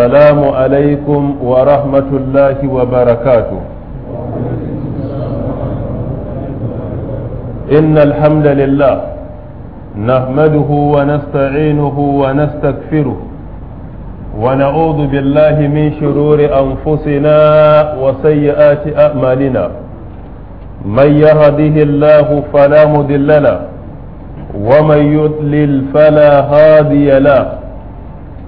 السلام عليكم ورحمة الله وبركاته إن الحمد لله نحمده ونستعينه ونستكفره ونعوذ بالله من شرور أنفسنا وسيئات أعمالنا من يهده الله فلا مضل له ومن يضلل فلا هادي له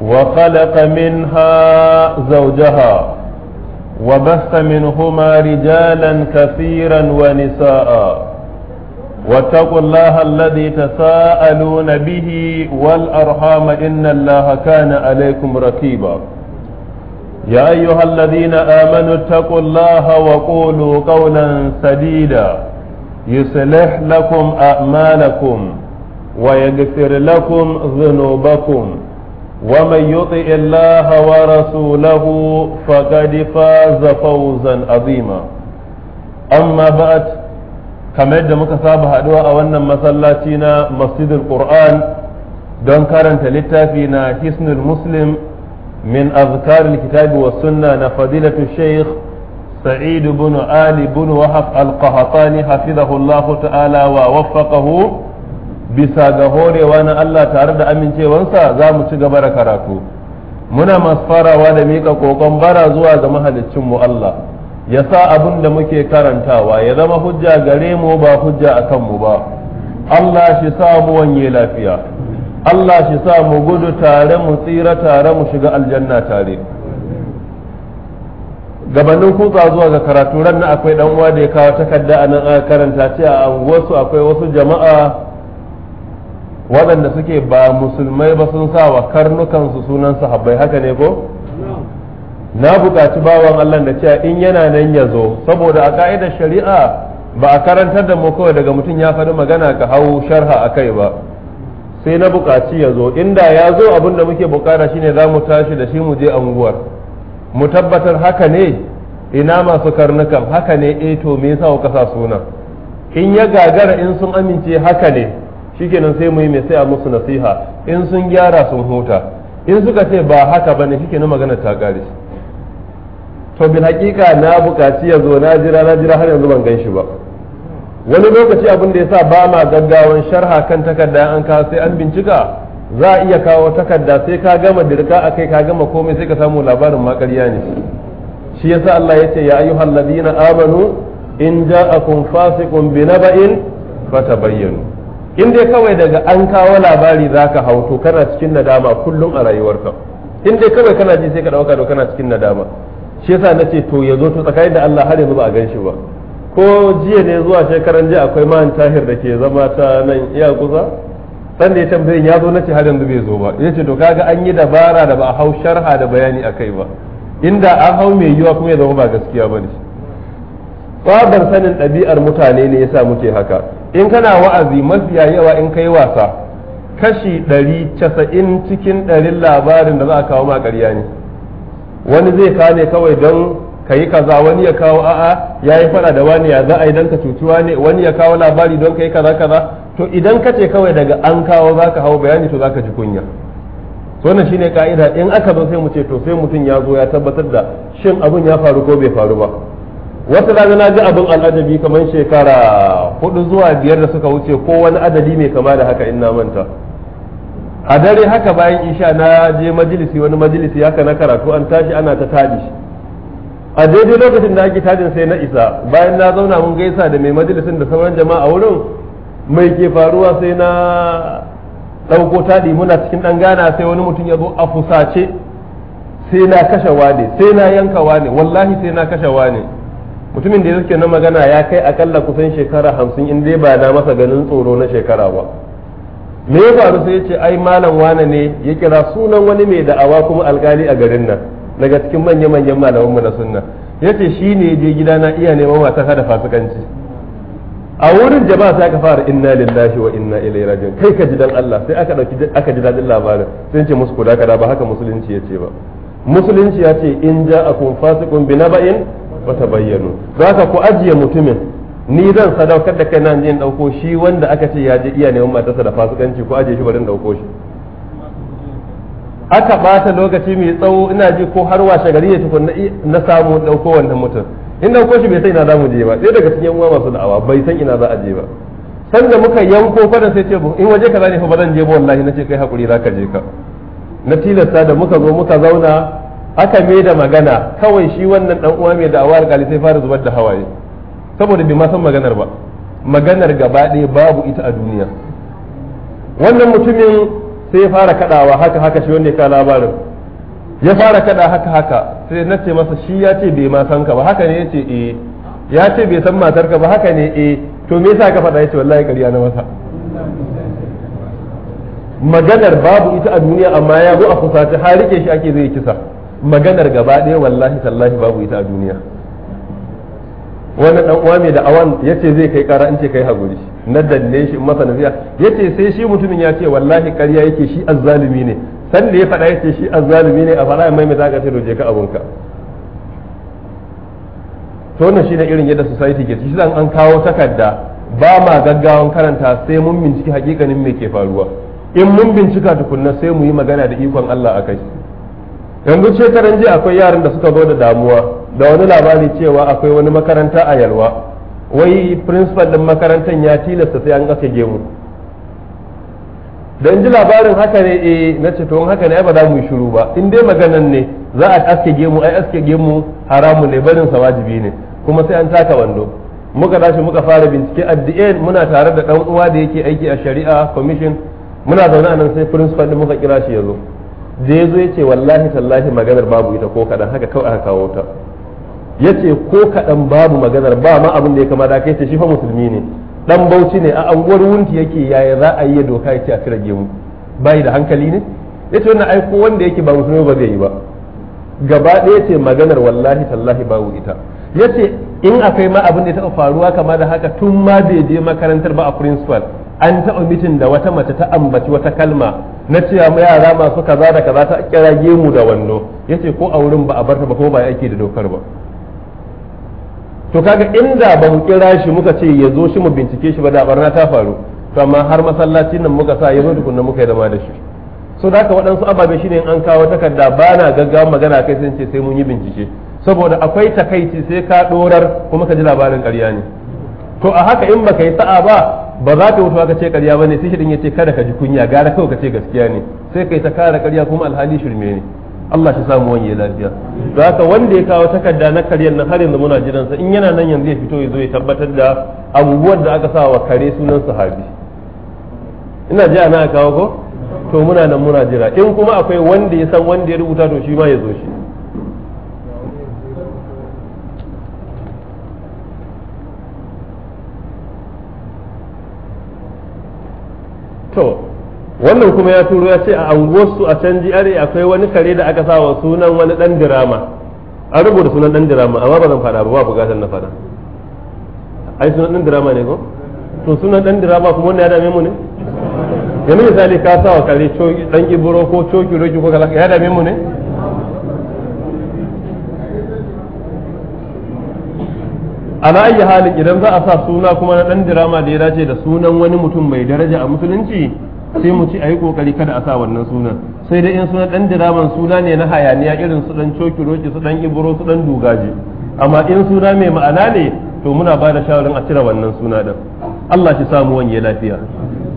وخلق منها زوجها وبث منهما رجالا كثيرا ونساء واتقوا الله الذي تساءلون به والأرحام إن الله كان عليكم رقيبا يا أيها الذين آمنوا اتقوا الله وقولوا قولا سديدا يصلح لكم أعمالكم ويغفر لكم ذنوبكم ومن يطع الله ورسوله فقد فاز فوزا عظيما أما بعد كما يدى مكسابة أدواء وأن مسلاتنا مسجد القرآن دون كارنت لتافينا حسن المسلم من أذكار الكتاب والسنة نفضيلة الشيخ سعيد بن آل بن وهب القهطاني حفظه الله تعالى ووفقه bisa ga horewa na Allah tare da amincewansa za mu ci gaba da karatu muna masu farawa da mika kokon bara zuwa ga mahaliccinmu Allah ya sa abin da muke karantawa ya zama hujja gare mu ba hujja a kanmu ba Allah shi sa mu wanye lafiya Allah shi sa mu gudu tare mu tsira tare mu shiga aljanna tare gabanin kutsa zuwa ga karatu ran akwai dan uwa da ya kawo takarda a nan karanta ce a anguwarsu akwai wasu jama'a waɗanda suke ba musulmai ba sun sa wa karnukansu sunan sahabbai haka ne ko na buƙaci bawan Allah da cewa in yana nan ya zo saboda a ka'idar shari'a ba a karantar da mu kawai daga mutum ya faɗi magana ka hau sharha a kai ba sai na buƙaci ya zo inda ya zo abin da muke buƙata shine za mu tashi da shi mu je anguwar mu tabbatar haka ne ina masu karnukan haka ne eh to me yasa kuka sa sunan in ya gagara in sun amince haka ne shikenan sai mu yi mai sai a musu nasiha in sun gyara sun huta in suka ce ba haka bane shikenan magana ta kare to bin hakika na bukaci ya zo na jira na jira har yanzu ban ganshi ba wani lokaci abin da yasa ba ma gaggawan sharha kan takarda an ka sai an bincika za a iya kawo takarda sai ka gama dirka akai ka gama komai sai ka samu labarin makarya ne shi yasa Allah ya ce ya ayyuhal ladina amanu in ja'akum fasiqun bi naba'in fatabayyanu in dai kawai daga an kawo labari zaka hau to kana cikin nadama kullum a rayuwarka in dai kawai kana ji sai ka dauka to kana cikin nadama shi yasa ce to ya zo to tsakanin da Allah har yanzu ba a gan shi ba ko jiya ne zuwa shekaran jiya akwai man tahir da ke zama ta nan iya kusa sanda ya tambaye ya zo na ce har yanzu bai zo ba ya ce to kaga an yi dabara da ba a hau sharha da bayani a kai ba inda an hau mai yiwa kuma ya zama ba gaskiya ba ne tsabar sanin ɗabi'ar mutane ne yasa muke haka in kana wa'azi mafiya yawa in kai wasa kashi ɗari casa'in cikin ɗarin labarin da za a kawo ƙarya ne wani zai kane kawai don ka yi kaza wani ya kawo a'a ya yi fada da wani ya za a yi don ka cuci ne wani ya kawo labari don ka yi kaza kaza to idan ka ce kawai daga an kawo za ka hau bayani to za ka ji kunya to wannan shine ka'ida in aka zo sai mu ce to sai mutum ya zo ya tabbatar da shin abun ya faru ko bai faru ba wata rana na ji abin al'ajabi kamar shekara hudu zuwa biyar da suka wuce ko wani adadi mai kama da haka in na manta a dare haka bayan isha na je majalisi wani majalisi haka na karatu an tashi ana ta taɗi a daidai lokacin da ake tajin sai na isa bayan na zauna mun gaisa da mai majalisin da sauran jama'a wurin mai ke faruwa sai na ɗauko taɗi muna cikin ɗan gana sai wani mutum ya zo a fusace sai na kashe wane sai na yanka wane wallahi sai na kashe wane mutumin da ya suke na magana ya kai akalla kusan shekara hamsin in dai ba na masa ganin tsoro na shekara ba me ya faru sai ya ce ai malam wane ne ya kira sunan wani mai da'awa kuma alkali a garin nan daga cikin manya-manyan malamanmu na sunna ya ce shi ne je gida na iya neman wasan hada fasikanci a wurin jama'a sai aka fara inna lillahi wa inna ilaihi raji'un kai ka ji dan Allah sai aka dauki aka ji dadin labarin sai ce musu kuda da ba haka musulunci ya ce ba musulunci ya ce in ja'akum fasiqun bi naba'in wata bayyano za ka ku ajiye mutumin ni zan sadaukar da kai nan jin dauko shi wanda aka ce ya je iya neman matarsa da fasikanci ko ajiye shi barin dauko shi aka bata lokaci mai tsawo ina ji ko har washe gari ya tukun na samu dauko wannan mutum in dauko shi bai san ina za mu je ba sai daga cikin uwa masu da'awa bai san ina za a je ba sanda muka yanko fadan sai ce in waje ka ne fa ba zan je ba wallahi nace kai hakuri zaka je ka na tilasta da muka zo muka zauna aka mai da magana kawai shi wannan dan uwa mai da'awa alƙali sai fara zubar da hawaye saboda bai ma san maganar ba maganar gaba ɗaya babu ita a duniya wannan mutumin sai fara kadawa haka haka shi wanda ya ka labarin ya fara kada haka haka sai na ce masa shi ya ce bai ma san ka ba haka ne ya ce eh ya ce bai san matar ka ba haka ne eh to me yasa ka faɗa ya ce wallahi ƙarya na masa maganar babu ita a duniya amma ya zo a fusace har rike shi ake zai kisa maganar gaba ɗaya wallahi tallahi babu ita a duniya wani dan uwa mai da'awan yace zai kai kara in ce kai haguri na danne shi in masa ya yace sai shi mutumin ya ce wallahi ƙarya yake shi azzalumi ne san da ya faɗa yace shi azzalumi ne a faɗa mai mai zaka ce doje ka abunka to wannan shine irin yadda society ke shi an kawo takarda ba ma gaggawan karanta sai mun binciki hakikanin me ke faruwa in mun bincika tukunna sai mu yi magana da ikon Allah a kai. yanzu shekaran ji akwai yaran da suka zo da damuwa da wani labari cewa akwai wani makaranta a yalwa wai principal din makarantar ya tilasta sai an gasa gemu dan ji labarin haka ne eh na ce to haka ne ai ba za mu yi shiru ba in dai maganan ne za a aske gemu ai aske gemu haramu ne barin sa wajibi ne kuma sai an taka wando muka tashi muka fara bincike addi'en muna tare da dan uwa da yake aiki a shari'a commission muna zaune a nan sai principal din muka kira shi ya zo da ya zo ya ce wallahi tallahi maganar babu ita ko kaɗan haka kawai aka kawo ta ya ce ko kaɗan babu maganar ba ma abin da ya kamata kai ta shi fa musulmi ne dan bauchi ne a anguwar wunti yake yaya za a yi ya doka ya ce a cire gemu bai da hankali ne ya ce wannan aiko wanda yake ba musulmi ba zai yi ba gaba ɗaya ce maganar wallahi tallahi babu ita ya ce in akwai ma abin da ya taɓa faruwa kama da haka tun ma bai je makarantar ba a principal an taɓa mitin da wata mace ta ambaci wata kalma na cewa yara masu kaza da kaza ta kira gemu da wando yace ko a wurin ba a barta ba ko ba yake da dokar ba to kaga inda ba mu kira shi muka ce ya zo shi mu bincike shi ba da barna ta faru to amma har masallaci nan muka sa ya zo nan muka yi zama da shi so da haka waɗansu ababe shine in an kawo takarda ba na gaggawa magana kai sun ce sai mun yi bincike saboda akwai takaici sai ka ɗorar kuma ka ji labarin ƙarya ne to a haka in baka yi sa'a ba ba za ka mutu ka ce karya ba ne sai shirin ya ce kada ka ji kunya gara kawai ka ce gaskiya ne sai kai ta kara karya kuma alhali shirme ne Allah shi samu wani lafiya to haka wanda ya kawo takarda na karyar nan har yanzu muna jiransa in yana nan yanzu ya fito ya zo ya tabbatar da abubuwan da aka sa wa kare sunan sahabi ina ji ana kawo ko to muna nan muna jira in kuma akwai wanda ya san wanda ya rubuta to shi ma ya zo shi to wannan kuma ya turo ya ce a anguwarsu a canji are akwai wani kare da aka sawa sunan wani dan dirama an rubuta sunan dan dirama amma ba zan fada ba ba bukatar na fada ai sunan dan dirama ne ko to sunan dan dirama kuma wannan ya dame mu ne yanzu misali ka sawa kare dan ibro ko cokin roki ko kala ya dame mu ne ala ayi hali idan za a sa suna kuma na dan dirama da ya dace da sunan wani mutum mai daraja a musulunci sai mu ci ayi kokari kada a sa wannan sunan sai dai in suna dan diraman suna ne na hayaniya irin su dan coki roki su dan ibro su dan dugaje amma in suna mai ma'ana ne to muna ba da shawarin a cire wannan suna din Allah shi samu wani lafiya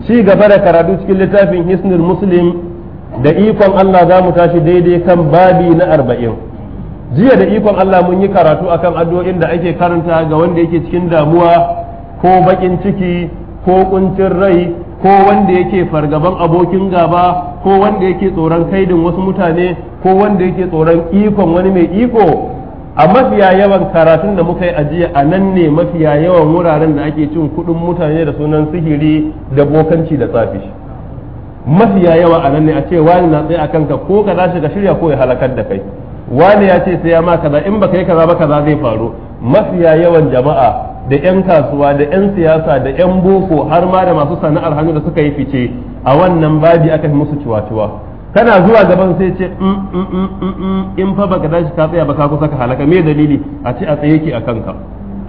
ci gaba da karatu cikin littafin hisnul muslim da ikon Allah za mu tashi daidai kan babi na arba'in jiya da ikon Allah mun yi karatu akan addu'o'in da ake karanta ga wanda yake cikin damuwa ko bakin ciki ko kuncin rai ko wanda yake fargaban abokin gaba ko wanda yake tsoron kaidin wasu mutane ko wanda yake tsoron ikon wani mai iko a mafiya yawan karatun da muka yi ajiya a nan ne mafiya yawan wuraren da ake cin kuɗin mutane da sunan sihiri da bokanci da tsafi mafiya yawa a nan ne a ce wani na tsaye a kanka ko ka za ka shirya ko ya halakar da kai wani ya ce sai ya ma kaza in baka yi kaza ba kaza zai faru mafiya yawan jama'a da 'yan kasuwa da 'yan siyasa da 'yan boko har ma da masu sana'ar hannu da suka yi fice a wannan babi aka fi musu ciwa-ciwa kana zuwa gaban sai ce mm, mm, mm, in fa baka dashi ka tsaya ba kusa ka halaka me dalili a ce a tsaye ki a kanka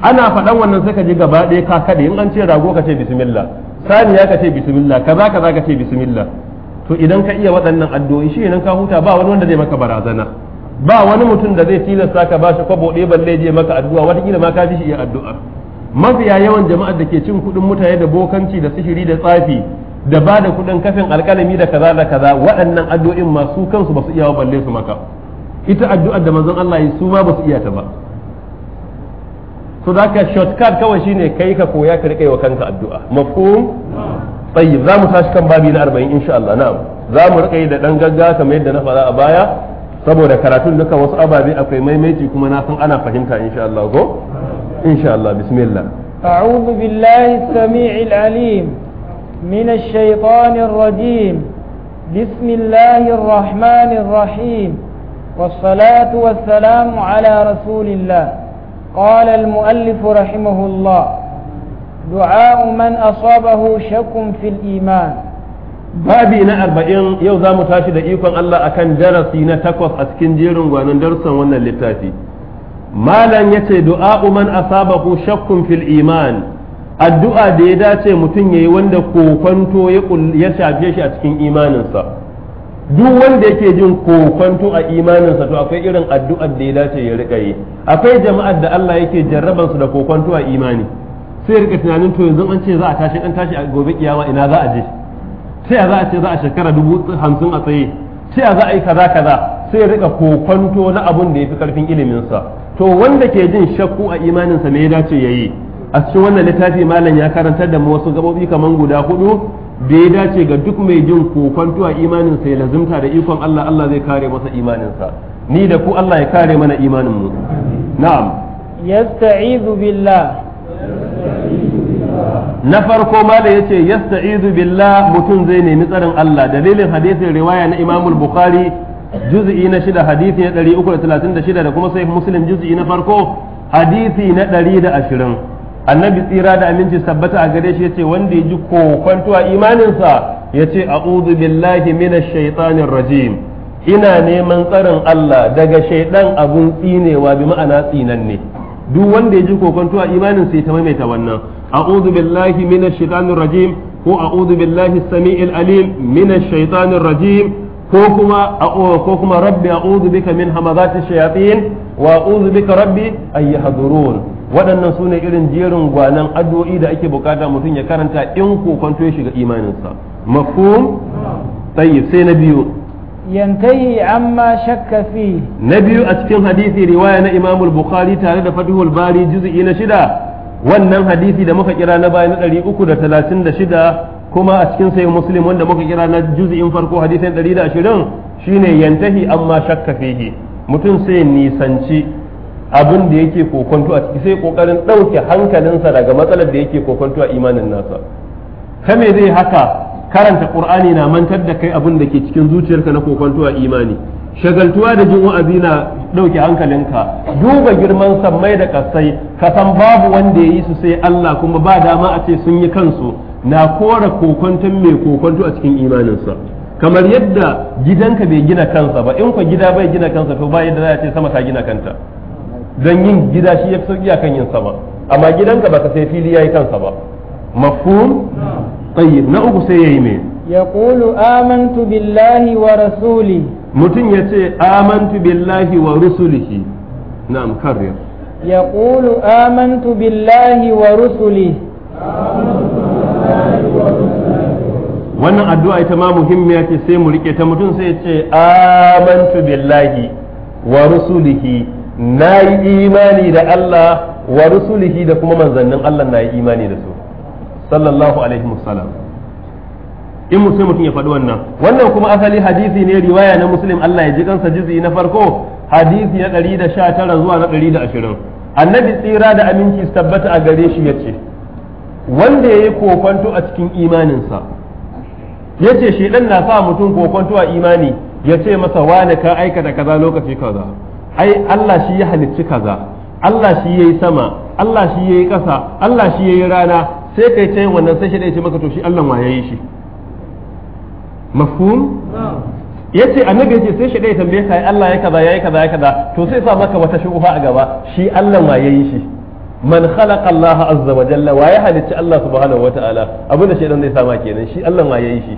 ana faɗan wannan sai ka ji gaba ɗaya ka kaɗe in an ce rago ka ce bismillah saniya ka ce bismillah kaza kaza ka ce bismillah to idan ka iya waɗannan addu'o'i shi ka huta ba wani wanda zai maka barazana ba wani mutum da zai tilasta ka shi kwabo ɗaya balle je maka addu'a watakila ma ka fi shi iya addu'a mafiya yawan jama'ar da ke cin kuɗin mutane da bokanci da sihiri da tsafi da ba da kuɗin kafin alƙalami da kaza da kaza waɗannan addu'o'in masu kansu ba su iya balle su maka ita addu'ar da manzon Allah yi su ma ba su iya ta ba to zaka shortcut kawai shine kai ka koya ka rike wa kanka addu'a mafhum tayyib za mu tashi kan babi na 40 insha Allah na'am za mu rike da dan gaggawa kamar yadda na faɗa a baya saboda karatun duka wasu ababe akwai maimaiti kuma na san ana fahimta insha Allah ko insha Allah bismillah a'udhu billahi as-sami'il alim minash ash-shaytanir rajim bismillahir rahmanir rahim salatu was على ala rasulillah قال المؤلف رحمه الله دعاء من أصابه شك في الإيمان babi na arba'in yau za mu tashi da ikon Allah akan darasi na takwas a cikin jerin gwanon darussan wannan littafi malam ya ce a man asabahu shakkun fil iman addu'a da ya dace mutum yayi wanda kokonto ya shafe shi a cikin imaninsa duk wanda yake jin kokonto a imaninsa to akwai irin addu'ar da ya dace ya rika yi akwai jama'ar da Allah yake jarrabansu da kokonto a imani sai rika tunanin to yanzu an ce za a tashi an tashi a gobe kiyama ina za a je sai za a ce za a shekara dubu hamsin a tsaye sai a za a yi kaza kaza sai ya rika kokwanto na abun da ya fi karfin iliminsa to wanda ke jin shakku a imaninsa me ya dace ya yi a cikin wannan littafi malam ya karantar da mu wasu gabobi kaman guda hudu da ya dace ga duk mai jin kokwanto a imaninsa ya lazimta da ikon Allah Allah zai kare masa imaninsa ni da ku Allah ya kare mana imanin mu na'am yasta'izu billah na farko malam ce yasta'izu billah mutum zai nemi tsarin Allah dalilin hadisin riwaya na Imam Bukhari juz'i na shida hadisi na 336 da kuma sahih Muslim juz'i na farko hadisi na 120 annabi tsira da aminci tabbata a gare shi yace wanda ya ji kokwanto a imaninsa yace a'udhu billahi minash shaitanir rajim ina neman tsarin Allah daga shaidan abun tsinewa bi ma'ana tsinan ne duk wanda ya ji kokwanto a imaninsa ya ta wannan أعوذ بالله من الشيطان الرجيم هو أعوذ بالله السميع العليم من الشيطان الرجيم كوكما كوكما ربي أعوذ بك من همذات الشياطين وأعوذ بك ربي أن يحضرون waɗannan su ne irin jerin gwanan addu'o'i da ake bukata mutum ya karanta in kokonto ya shiga imaninsa mafhum tsayi sai na biyu yantahi amma shakka fi na biyu a cikin hadisi riwaya na imamul bukhari tare da fatihul bari juz'i na shida wannan hadisi da muka kira na baya na shida kuma a cikin sayin muslim wanda muka kira na juz'in farko hadisin 120 shine yantahi amma shakka fihi mutum sai nisanci abin da yake kokonto a ciki sai kokarin ɗauke hankalinsa daga matsalar da yake kokonto a imanin nasa Ta me zai haka karanta qur'ani na mantar da kai abin da ke cikin zuciyarka na kokonto a imani shagaltuwa da jin wa'azi na ɗauke hankalinka duba girman sammai da kasai ka san babu wanda ya yi su sai Allah kuma ba dama a ce sun yi kansu na kora kokonton mai kokonto a cikin imaninsa kamar yadda gidanka bai gina kansa ba in ku gida bai gina kansa to ba yadda za a ce sama ta gina kanta don yin gida shi ya fi sauki akan yin sama amma gidanka ka sai fili yayi kansa ba mafhum tayyib na uku sai yayi me yaqulu amantu billahi wa rasuli. mutum ya ce amantu billahi wa rusulihi na'am ya ƙulu amantu billahi wa rusuli. wannan addu'a ita ma muhimmiya ce sai mu rike ta mutum sai ce amantu billahi wa rusulihi na yi imani da Allah wa rusulihi da kuma manzannin Allah na yi imani da su sallallahu alaihi wasallam in mu mutum ya faɗi wannan wannan kuma asali hadisi ne riwaya na muslim Allah ya ji kansa jizi na farko hadisi na 119 zuwa na 120 annabi tsira da aminci su tabbata a gare shi yace wanda yayi kokonto a cikin imaninsa yace shi dan na sa mutum kokonto a imani yace masa wani ka aikata kaza lokaci kaza ai Allah shi ya halicci kaza Allah shi yayi sama Allah shi yayi kasa Allah shi yayi rana sai kai ta yin wannan sai shi ya ce maka to shi Allah ma yayi shi mafhum yace annabi yace sai shi dai tambaye ka Allah ya kaza yayi kaza ya kaza to sai sa maka wata shubuha a gaba shi Allah ma yayi shi man khalaqa Allah azza wa jalla wa ya halicci Allah subhanahu wa ta'ala abinda shi dan zai sama kenan shi Allah ma yayi shi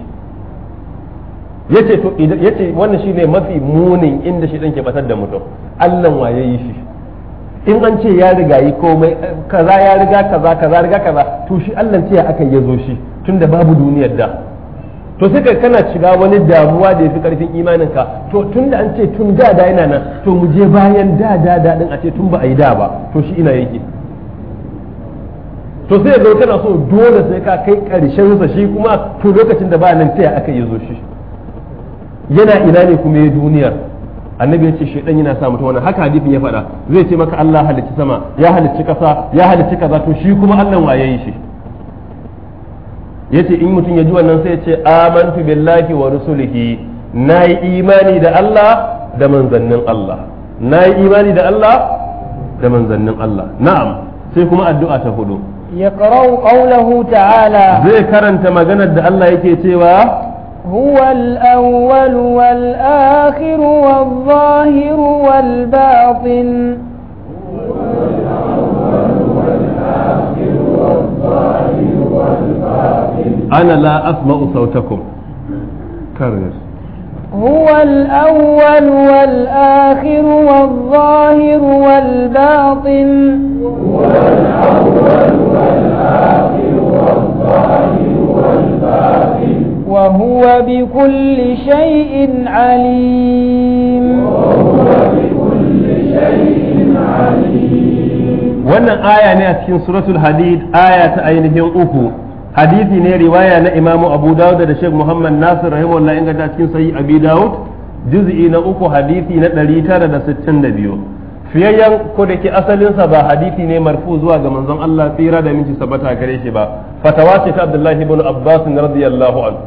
yace to yace wannan shine mafi munin inda shi dan ke batar da mutum Allah ma yayi shi in an ce ya riga yi komai eh, kaza ya riga kaza kaza riga kaza to shi Allah ce ya aka yazo shi tunda babu duniyar da to sai kai kana shiga wani damuwa da yafi karfin imanin ka to tun da an ce tun da da yana nan to mu je bayan da da da din a ce tun ba a yi da ba to shi ina yake to sai ga kana so dole sai ka kai karshen sa shi kuma to lokacin da ba nan taya aka yi zo shi yana ina ne kuma ya duniya annabi ya ce shaidan yana sa mutum wannan haka hadisin ya faɗa zai ce maka Allah halicci sama ya halicci kasa ya halicci kaza to shi kuma Allah waye shi yace in mutum ya ji wannan sai ya ce amantu billahi wa rusulihi nayi imani da Allah da manzannin Allah nayi imani da Allah da manzannin Allah na'am sai kuma addu'a ta hudu yaqra'u qawlahu ta'ala zai karanta maganar da Allah yake cewa wal الأول والآخر والظاهر والباطن هو ana la asma'u sautakum karis هو الأول والآخر والظاهر والباطن هو الأول والآخر والظاهر والباطن وهو بكل شيء عليم وهو بكل شيء عليم wannan aya ne a cikin suratul hadid aya ta ainihin uku hadisi ne riwaya na imamu abu dawud da sheikh muhammad nasir rahimahullah inganta cikin sahih abi dawud juz'i na uku hadisi na 962 fiyayyan ko da ke sa ba hadisi ne marfu zuwa ga manzon Allah tsira da minti sabata gare shi ba fatawa ce ta Abdullahi ibn Abbas radiyallahu anhu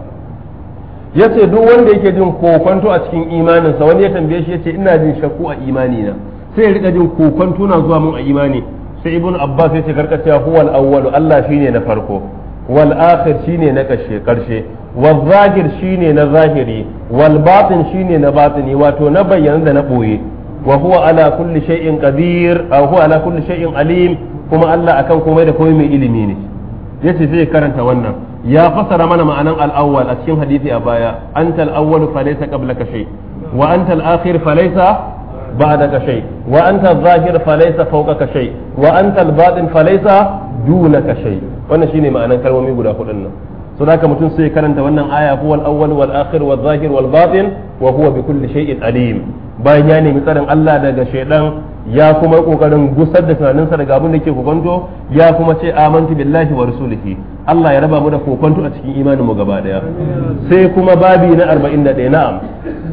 yace duk wanda yake jin kokonto a cikin imaninsa wani ya tambaye shi yace ina jin shakku a imani na sai ya rika jin kokonto na zuwa mun a imani sai ibn Abbas yace karkaci huwal awwal Allah shine na farko wal'ahir akhir shine na karshe wal zahir shine na zahiri wal batin shine na batini wato na bayyana da na boye wa huwa ala kulli alim kuma Allah akan komai da komai mai ilimi ne yace zai karanta wannan ya fasara mana ma'anan al-awwal a cikin hadisi a baya antal awwalu falaysa qablaka akhir بعدك شيء وأنت الظاهر فليس فوقك شيء وأنت الباطن فليس دونك شيء wannan shine ma'anan kalmomi guda hudun nan so da mutum sai karanta wannan aya huwa al-awwal wal akhir wal zahir wal batin wa huwa bi kulli shay'in alim bayan ya nemi tsarin Allah daga shaydan ya kuma kokarin gusar da tunaninsa daga abin da ke kokonto ya kuma ce amantu billahi wa rasulihi Allah ya raba mu da kokonto a cikin imanin mu gaba daya sai kuma babi na 41 na'am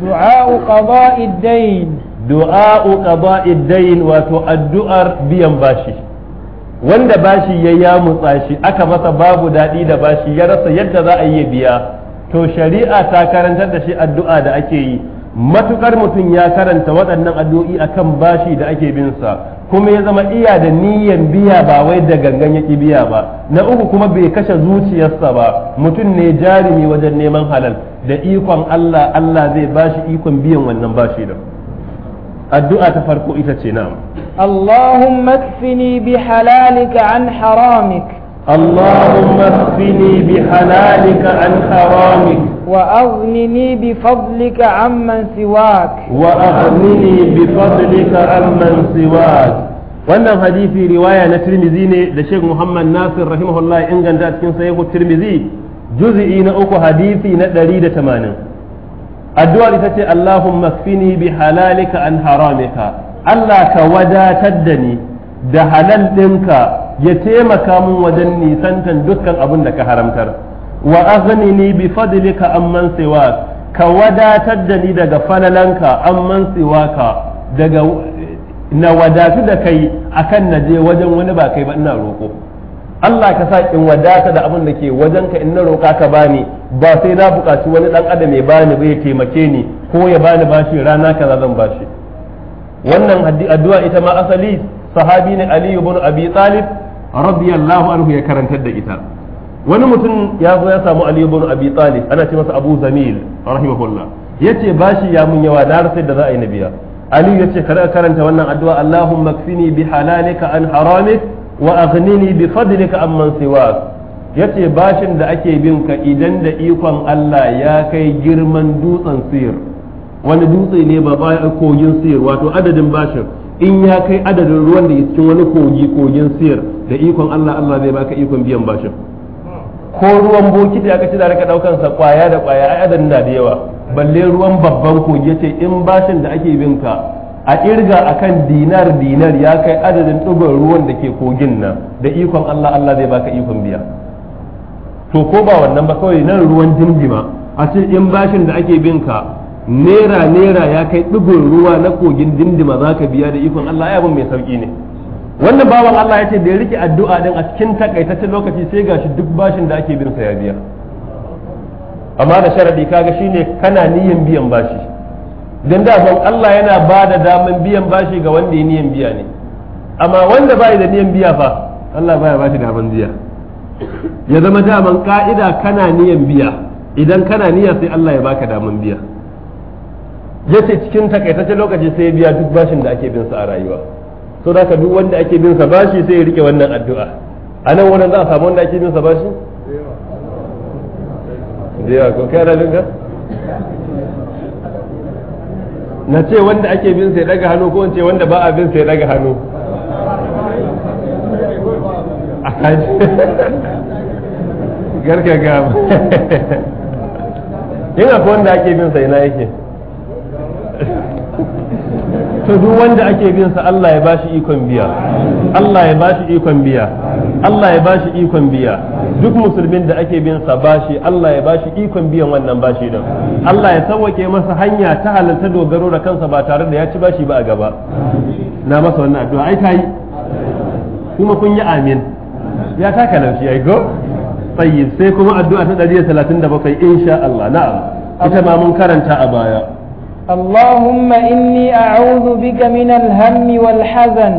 du'a'u qada'id dayn du'a'u qada'id dayn wato addu'ar biyan bashi wanda bashi ya mutsa shi aka masa babu daɗi da bashi ya rasa yadda za a yi biya to shari'a ta karantar da shi addu'a da ake yi matukar mutum ya karanta waɗannan addu'o'i akan bashi da ake bin sa kuma ya zama iya da niyyan biya ba wai da gangan ya biya ba na uku kuma bai kashe zuciyarsa ba mutum ne jarumi wajen neman halal da ikon Allah Allah zai bashi ikon biyan wannan bashi da addu'a ta farko ita ce na'am اللهم اكفني بحلالك عن حرامك اللهم اكفني بحلالك عن حرامك وأغنني بفضلك عمن سواك وأغنني بفضلك عمن سواك wannan hadisi riwaya na tirmizi ne da sheikh muhammad nasir rahimahullah inganta cikin sahihu tirmizi juz'i na uku hadisi na 180 addu'ar ita ce allahumma kfini bi halalika an haramika Allah ka wadatar da ni da halal ɗinka ya taimaka min wajen nisantan dukkan abin da ka haramtar wa aghnini bi fadlika amman siwa ka wadatar da ni daga falalanka amman siwaka daga na wadatu da kai akan na je wajen wani ba kai ba ina roko Allah ka sa in wadata da abin da ke wajen ka in na roka ka bani ba sai na buƙaci wani dan adam ya bani ba ya taimake ni ko ya bani bashi rana kaza zan bashi wannan addu'a ita ma asali sahabi ne Ali ibn Abi Talib radiyallahu anhu ya karantar da ita wani mutum ya zo ya samu Ali ibn Abi Talib ana ce masa Abu Zamil rahimahullah yace bashi ya mun yawa na rasa da za a yi na biya Ali yace kada karanta wannan addu'a Allahumma kfini bi halalika an haramik wa aghnini bi fadlika amman siwak yace bashin da ake bin ka idan da ikon Allah ya kai girman dutsen sir wani dutse ne ba kogin siyar wato adadin bashin in ya kai adadin ruwan da cikin wani kogi kogin siyar da ikon Allah Allah zai baka ikon biyan bashin ko ruwan bokiti aka ci da rika daukan sa kwaya da kwaya ai adadin na da yawa balle ruwan babban kogi yace in bashin da ake bin ka a kirga akan dinar dinar ya kai adadin dubar ruwan da ke kogin nan da ikon Allah Allah zai baka ikon biya to ko ba wannan ba kawai nan ruwan dindima a ce in bashin da ake bin ka nera nera ya kai digon ruwa na kogin dindima za ka biya da ikon Allah ya mai sauki ne wannan bawan Allah ya ce da ya rike addu'a din a cikin takaitaccen lokaci sai gashi duk bashin da ake bin sa ya biya amma da sharadi kaga shine kana niyan biyan bashi dan da san Allah yana ba da daman biyan bashi ga wanda ya niyan biya ne amma wanda bai da niyan biya fa Allah baya bashi daman biya ya zama daman ka'ida kana niyan biya idan kana niyya sai Allah ya baka daman biya ya ce cikin takaitaccen lokaci sai ya biya duk bashin da ake bin sa a rayuwa so da duk wanda ake bin sa bashi sai ya rike wannan addu'a a nan wurin za a samu wanda ake bin sa bashi da yawa ko kai ranar ka na ce wanda ake bin sa ya daga hannu ko ce wanda ba a bin sa ya daga hannu garka gama yana ko wanda ake bin sai na yake to duk wanda ake bin sa Allah ya bashi ikon biya Allah ya bashi ikon biya Allah ya bashi ikon biya duk musulmin da ake bin sa bashi Allah ya bashi ikon biyan wannan bashi din Allah ya sauke masa hanya ta halalta dogaro da kansa ba tare da ya ci bashi ba a gaba na masa wannan addu'a ai kai kuma kun yi amin ya taka laushi ai go tayyib sai kuma addu'a ta 137 insha Allah na'am ita ma mun karanta a baya اللهم إني أعوذ بك من الهم والحزن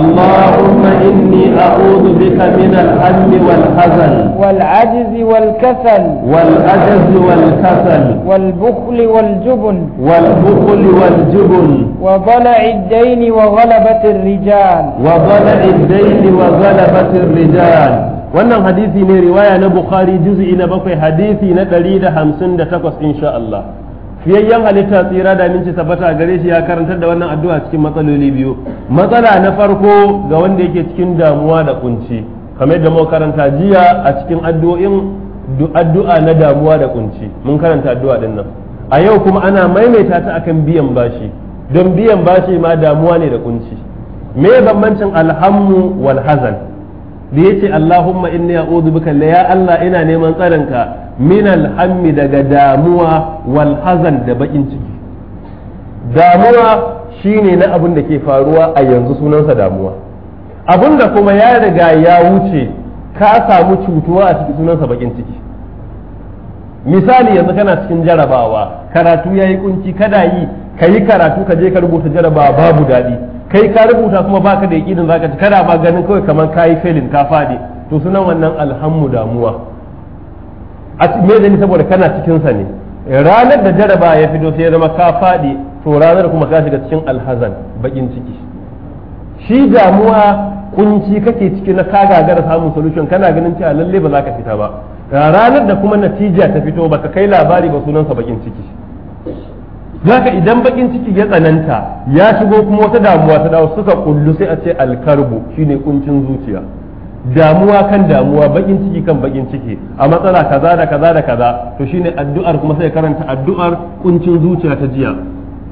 اللهم إني أعوذ بك من الهم والحزن والعجز والكسل والعجز والكسل والبخل والجبن والبخل والجبن وضلع الدين وغلبة الرجال وضلع الدين وغلبة الرجال wannan hadisi ne riwaya na Bukhari juz'i na bakwai hadisi na 158 insha Allah fiyayyen halitta tsira da minci tabbata gare shi ya karantar da wannan addu'a cikin matsaloli biyu matsala na farko ga wanda yake cikin damuwa da kunci kamar da muka karanta jiya a cikin addu'o'in addu'a na damuwa da kunci mun karanta addu'a din nan a yau kuma ana maimaita ta akan biyan bashi don biyan bashi ma damuwa ne da kunci me bambancin alhammu wal hazan da yace allahumma inni a'udhu bika ya allah ina neman tsarinka min alhammi daga damuwa wal hazan da bakin ciki damuwa shine na abin da ke faruwa a yanzu sunansa damuwa abin da kuma ya riga ya wuce ka samu cutuwa a ciki sunansa bakin ciki misali yanzu kana cikin jarabawa karatu ya yi kunci kada yi ka yi karatu ka je ka rubuta jarabawa babu daɗi kai ka rubuta kuma baka da yaƙinin zaka ci kada ma ganin kawai kamar ka yi felin ka fadi to sunan wannan alhammu damuwa a me da ni saboda kana cikin sa ne ranar da jaraba ya fito sai ya zama ka faɗi to ranar kuma ka shiga cikin alhazan bakin ciki shi damuwa kunci kake ciki na ka gagara samun solution kana ganin cewa lalle ba za ka fita ba ranar da kuma natija ta fito baka kai labari ba sunansa bakin ciki zaka idan bakin ciki ya tsananta ya shigo kuma wata damuwa ta dawo suka kullu sai a ce alkarbu shine kuncin zuciya damuwa kan damuwa bakin ciki kan bakin ciki a matsala kaza da kaza da kaza to shine addu'ar kuma sai karanta addu'ar kuncin zuciya ta jiya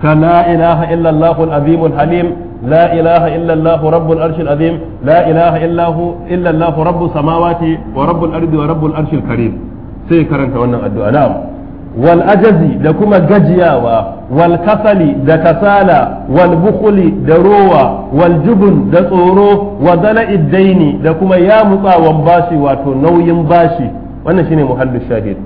kana ilaha illallah al-azim halim la ilaha illallah rabbul arshil azim la ilaha illahu illallah rabbus samawati wa rabbul ardi wa rabbul arshil karim sai karanta wannan addu'a na'am wal ajazi da kuma gajiyawa wal kasali da kasala wal bukhli da rowa wal jubun da tsoro wa dala'i da kuma yamutsawan bashi wato nauyin bashi wannan shine Muhallin shahid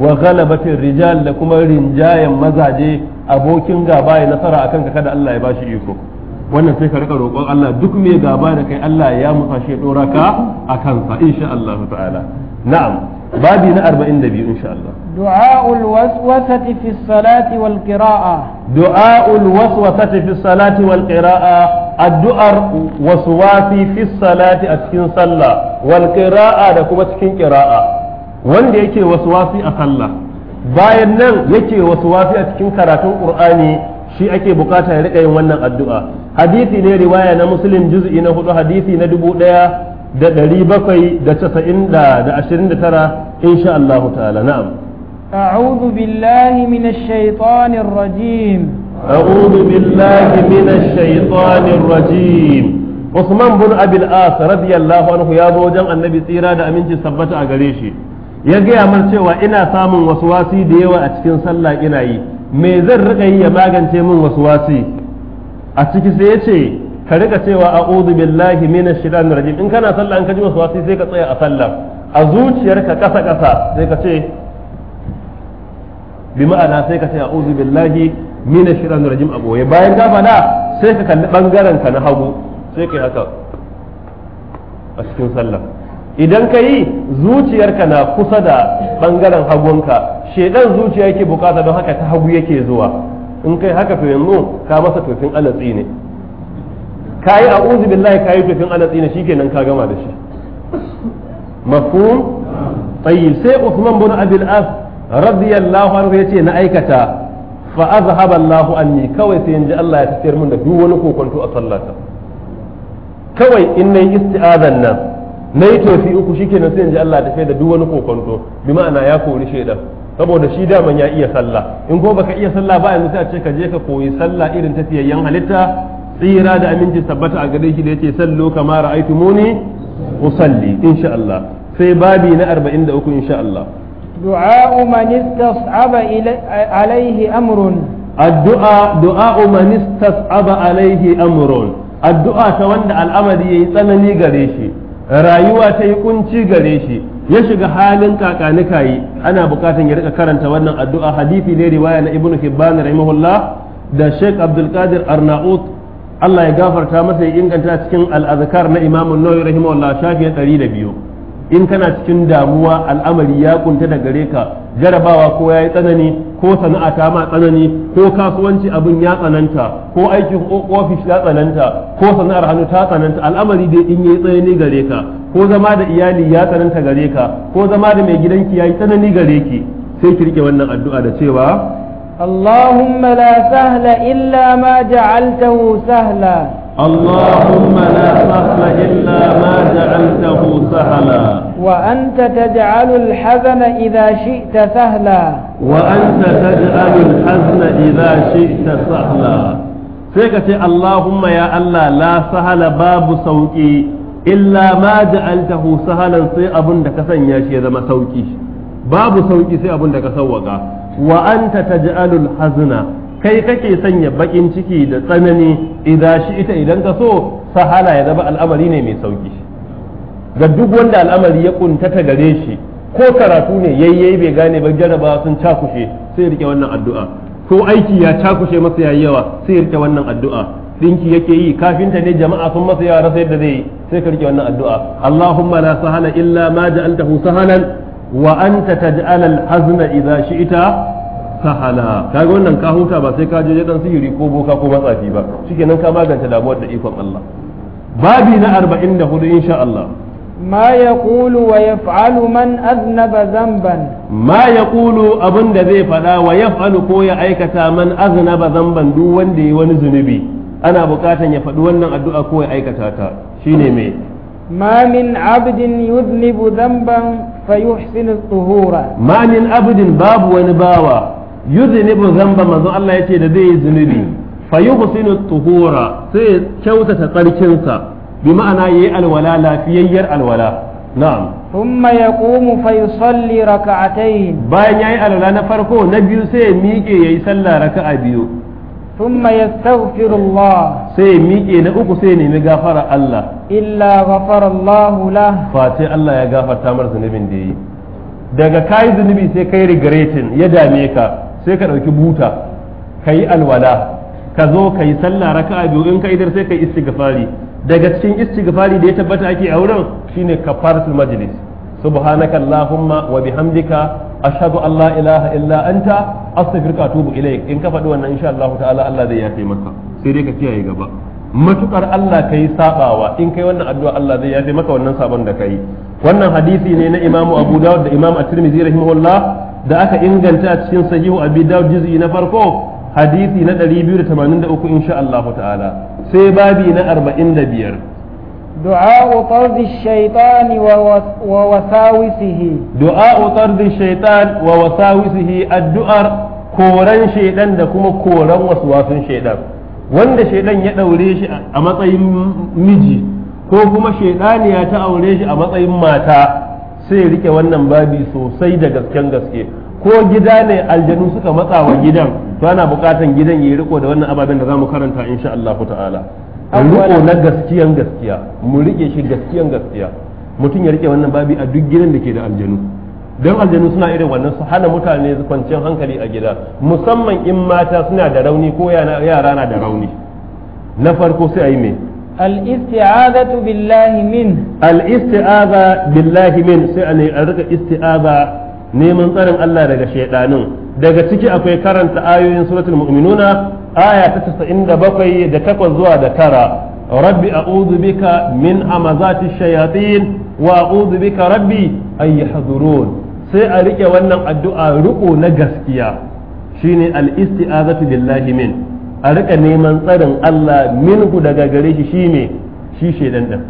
wa ghalabatir rijal da kuma rinjayen mazaje abokin gaba ya nasara akan ka kada Allah ya bashi iko wannan sai ka rika roƙon Allah duk mai gaba da kai Allah ya mutsa shi dora ka akan sa insha Allah na'am babi na 42 insha Allah du'a'ul waswasati fi salati wal qira'a du'a'ul waswasati fi salati wal qira'a addu'ar waswasi fi salati a cikin sallah wal qira'a da kuma cikin qira'a wanda yake waswasi a sallah bayan nan yake waswasi a cikin karatun qur'ani shi ake bukata ya rika yin wannan addu'a hadisi ne riwaya na muslim juz'i na hudu hadisi na dubu daya Da ɗari bakwai da casa'in ɗa da ashirin da tara, insha Allah mutana, na am. A'udu billahi mina shaitanin rajim. A'udu billahi mina shaitanin rajim. Usman bunu Abel As radiyya anhu ya zo wajen Annabi tsira da aminci sabbata a gare shi. Ya gaya min cewa ina samun wasu wasi da yawa a cikin sallah ina yi. Me zan riƙa yi ya magance min wasu wasi? A ciki sai ya ce. ka rika cewa a'udhu billahi minash shaitanir rajim in kana sallah in ka wasu waswasi sai ka tsaya a sallah a zuciyarka kasa kasa sai ka ce bi ma'ana sai ka ce a'udhu billahi minash shaitanir rajim a boye bayan ka fada sai ka kalli bangaren ka na hagu sai kai haka a cikin sallah idan ka yi zuciyarka na kusa da bangaren hagunka shedan zuciya yake bukata don haka ta hagu yake zuwa in kai haka to yanzu ka masa tofin alatsi ne kayi a'udhu billahi kayi tufin alatsina shikenan ka gama da shi mafhum sai usman bin abil al-As radiyallahu anhu yace na aikata fa azhaba Allahu anni kawai sai yanzu Allah ya tafiyar min da duk wani kokonto a sallata kawai in nayi isti'azan nan nayi tofi uku shikenan sai yanzu Allah ya tafiyar da duk wani kokonto bi ma'ana ya kori shaidan saboda shi daman ya iya sallah in ko baka iya sallah ba yanzu sai a ce ka je ka koyi sallah irin tafiyayyen halitta tsira da aminci tabbata a gare shi da yace sallu kama ra'aytumuni usalli insha Allah sai babi na 43 insha Allah du'a man istas'aba alaihi amrun addu'a du'a man istas'aba alaihi amrun addu'a ta wanda al'amari yayi tsanani gare shi rayuwa ta yi kunci gare shi ya shiga halin kakanika yi ana bukatan ya rika karanta wannan addu'a hadisi ne riwaya na ibnu hibban rahimahullah da sheikh abdul qadir arnaut Allah ya gafarta masa ya inganta cikin al'azkar na Imam Nawawi rahimahullah shafi biyu. in kana cikin damuwa al'amari ya kunta da gare ka jarabawa ko yayi tsanani ko sana'a ta ma tsanani ko kasuwanci abin ya tsananta ko aikin ofis ya tsananta ko sana'ar hannu ta tsananta al'amari dai in yayi tsanani gare ka ko zama da iyali ya tsananta gare ka ko zama da mai gidanki yayi tsanani gare ki sai ki rike wannan addu'a da cewa اللهم لا سهل إلا ما جعلته سهلا اللهم لا سهل إلا ما جعلته سهلا وأنت تجعل الحزن إذا شئت سهلا وأنت تجعل الحزن إذا شئت سهلا سيكتي اللهم يا الله لا سهل باب سوقي إلا ما جعلته سهلا سي أبن دكسن يا شيء ما سوقي باب سوقي سي أبن دكسن وقا wa ta taj'alul hazna kai kake sanya baƙin ciki da tsanani idan shi ita idan ka so sahala ya zama al'amari ne mai sauki ga duk wanda al'amari ya kuntata gare shi ko karatu ne yayye bai gane ba jaraba sun cakushe sai rike wannan addu'a ko aiki ya cakushe masa yayi yawa sai rike wannan addu'a dinki yake yi kafinta ne jama'a sun masa yawa rasa yadda zai sai ka rike wannan addu'a Allahumma la sahala illa ma ja'altahu sahalan wa anta taj'al al-hazna idza shi'ta sahala wannan ka huta ba sai ka je dan sihiri ko boka ko matsafi ba shikenan ka magance damuwar da ikon Allah babi na 44 insha Allah ما يقول ويفعل من أذنب ذنبا ما يقول أبن ذي فلا ويفعل كوي أيكتا من أذنب ذنبا دو وندي ونزنبي أنا بكاتا يفعل ونن أدعى كوي أيكتا شيني مي ما من عبد يذنب ذنبا فيحسن الطهور ما من عبد باب ونباوة يذنب ذنبا ما الله يتي لديه ذنبي فيحسن الطهور سي كوتة تركنسا بمعنى يي الولا لا فيير الولا نعم ثم يقوم فيصلي ركعتين باين يي الولا نفرقو نبيو سي ميكي يي صلى ركعة بيو ثم يستغفر الله سي ميكي نأكو سي نمي غفر الله إلا غفر الله له فاتي الله يا غفر تامر زنبين دي daga kayi zunubi sai kai regretin ya dame ka sai ka ɗauki buta ka yi alwala ka zo ka yi sallah raka'a biyu in ka idar sai ka yi istighfari daga cikin istighfari da ya tabbata ake a wurin shine kafaratul majlis subhanaka allahumma wa bihamdika ashhadu allah la ilaha illa anta astaghfiruka wa atubu ilayk in ka faɗi wannan insha Allah ta'ala Allah zai yafe maka sai dai ka kiyaye gaba matuƙar Allah ka yi sabawa in kai wannan addu'a Allah zai yafe maka wannan sabon da ka yi wannan hadisi ne na Imam Abu Dawud da Imam At-Tirmidhi rahimahullah da aka inganta a cikin sahihu Abi Dawud juz'i na farko hadisi na 283 insha Allah ta'ala sai babi na arba'in da biyar. دعاء طرد الشيطان ووساوسه دعاء طرد koran shaidan da kuma koran waswasin shaidan wanda shaidan ya daure shi a matsayin miji ko kuma shaidaniya ta aure shi a matsayin mata sai rike wannan babi sosai da gasken gaske ko gida ne aljanu suka matsa wa gidan to ana bukatan gidan ya riko da wannan ababen da zamu karanta insha Allah ta'ala riko na gaskiyan gaskiya mu rike shi gaskiyan gaskiya mutum ya rike wannan babi a duk gidan da ke da aljanu don aljanu suna irin wannan su hana mutane kwanciyar hankali a gida musamman in mata suna da rauni ko yara na da rauni na farko sai a yi mai al billahi min sai istiaza billahi sai a rika isti'aza neman tsarin Allah daga shaidanin daga ciki akwai karanta ayoyin suratul mu'minuna aya ta 97 da da takwas zuwa da tara rabbi a'udhu bika min hamazati shayatin wa a'udhu bika rabbi ayi yahdurun sai a riƙe wannan addu'a riƙo na gaskiya shine al-isti'azatu billahi min a rika neman tsarin Allah minhu daga gare shi shine shi shedan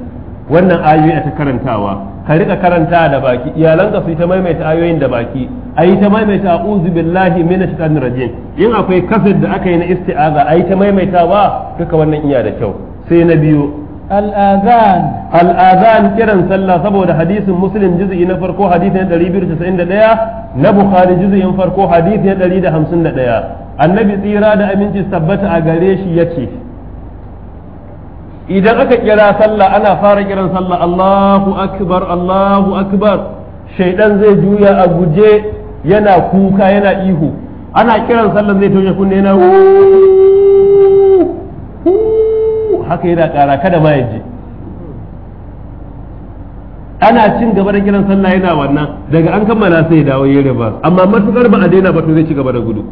wannan ayoyi a ta karantawa ka rika karanta da baki iyalanka su ta maimaita ayoyin da baki a yi ta maimaita a'udhu billahi minash shaitanir rajim in akwai kasar da aka yi na isti'aza yi ta maimaita ba duka wannan iya da kyau sai na biyu al'azan al'azan kiran sallah saboda hadisin muslim juz'i na farko hadisi na 291 na bukhari na farko hadisi na 151 annabi tsira da aminci tabbata a gare shi yace idan aka kira sallah ana fara kiran sallah Allahu akbar Allahu akbar shaidan zai juya a guje yana kuka yana ihu ana kiran sallah zai toshe kunne na haka yana kara kada ma yaje. ana cin gaba da kiran sallah yana wannan daga an kammala sai ya dawo yere ba amma matukar ba a daina ba to zai ci gaba da gudu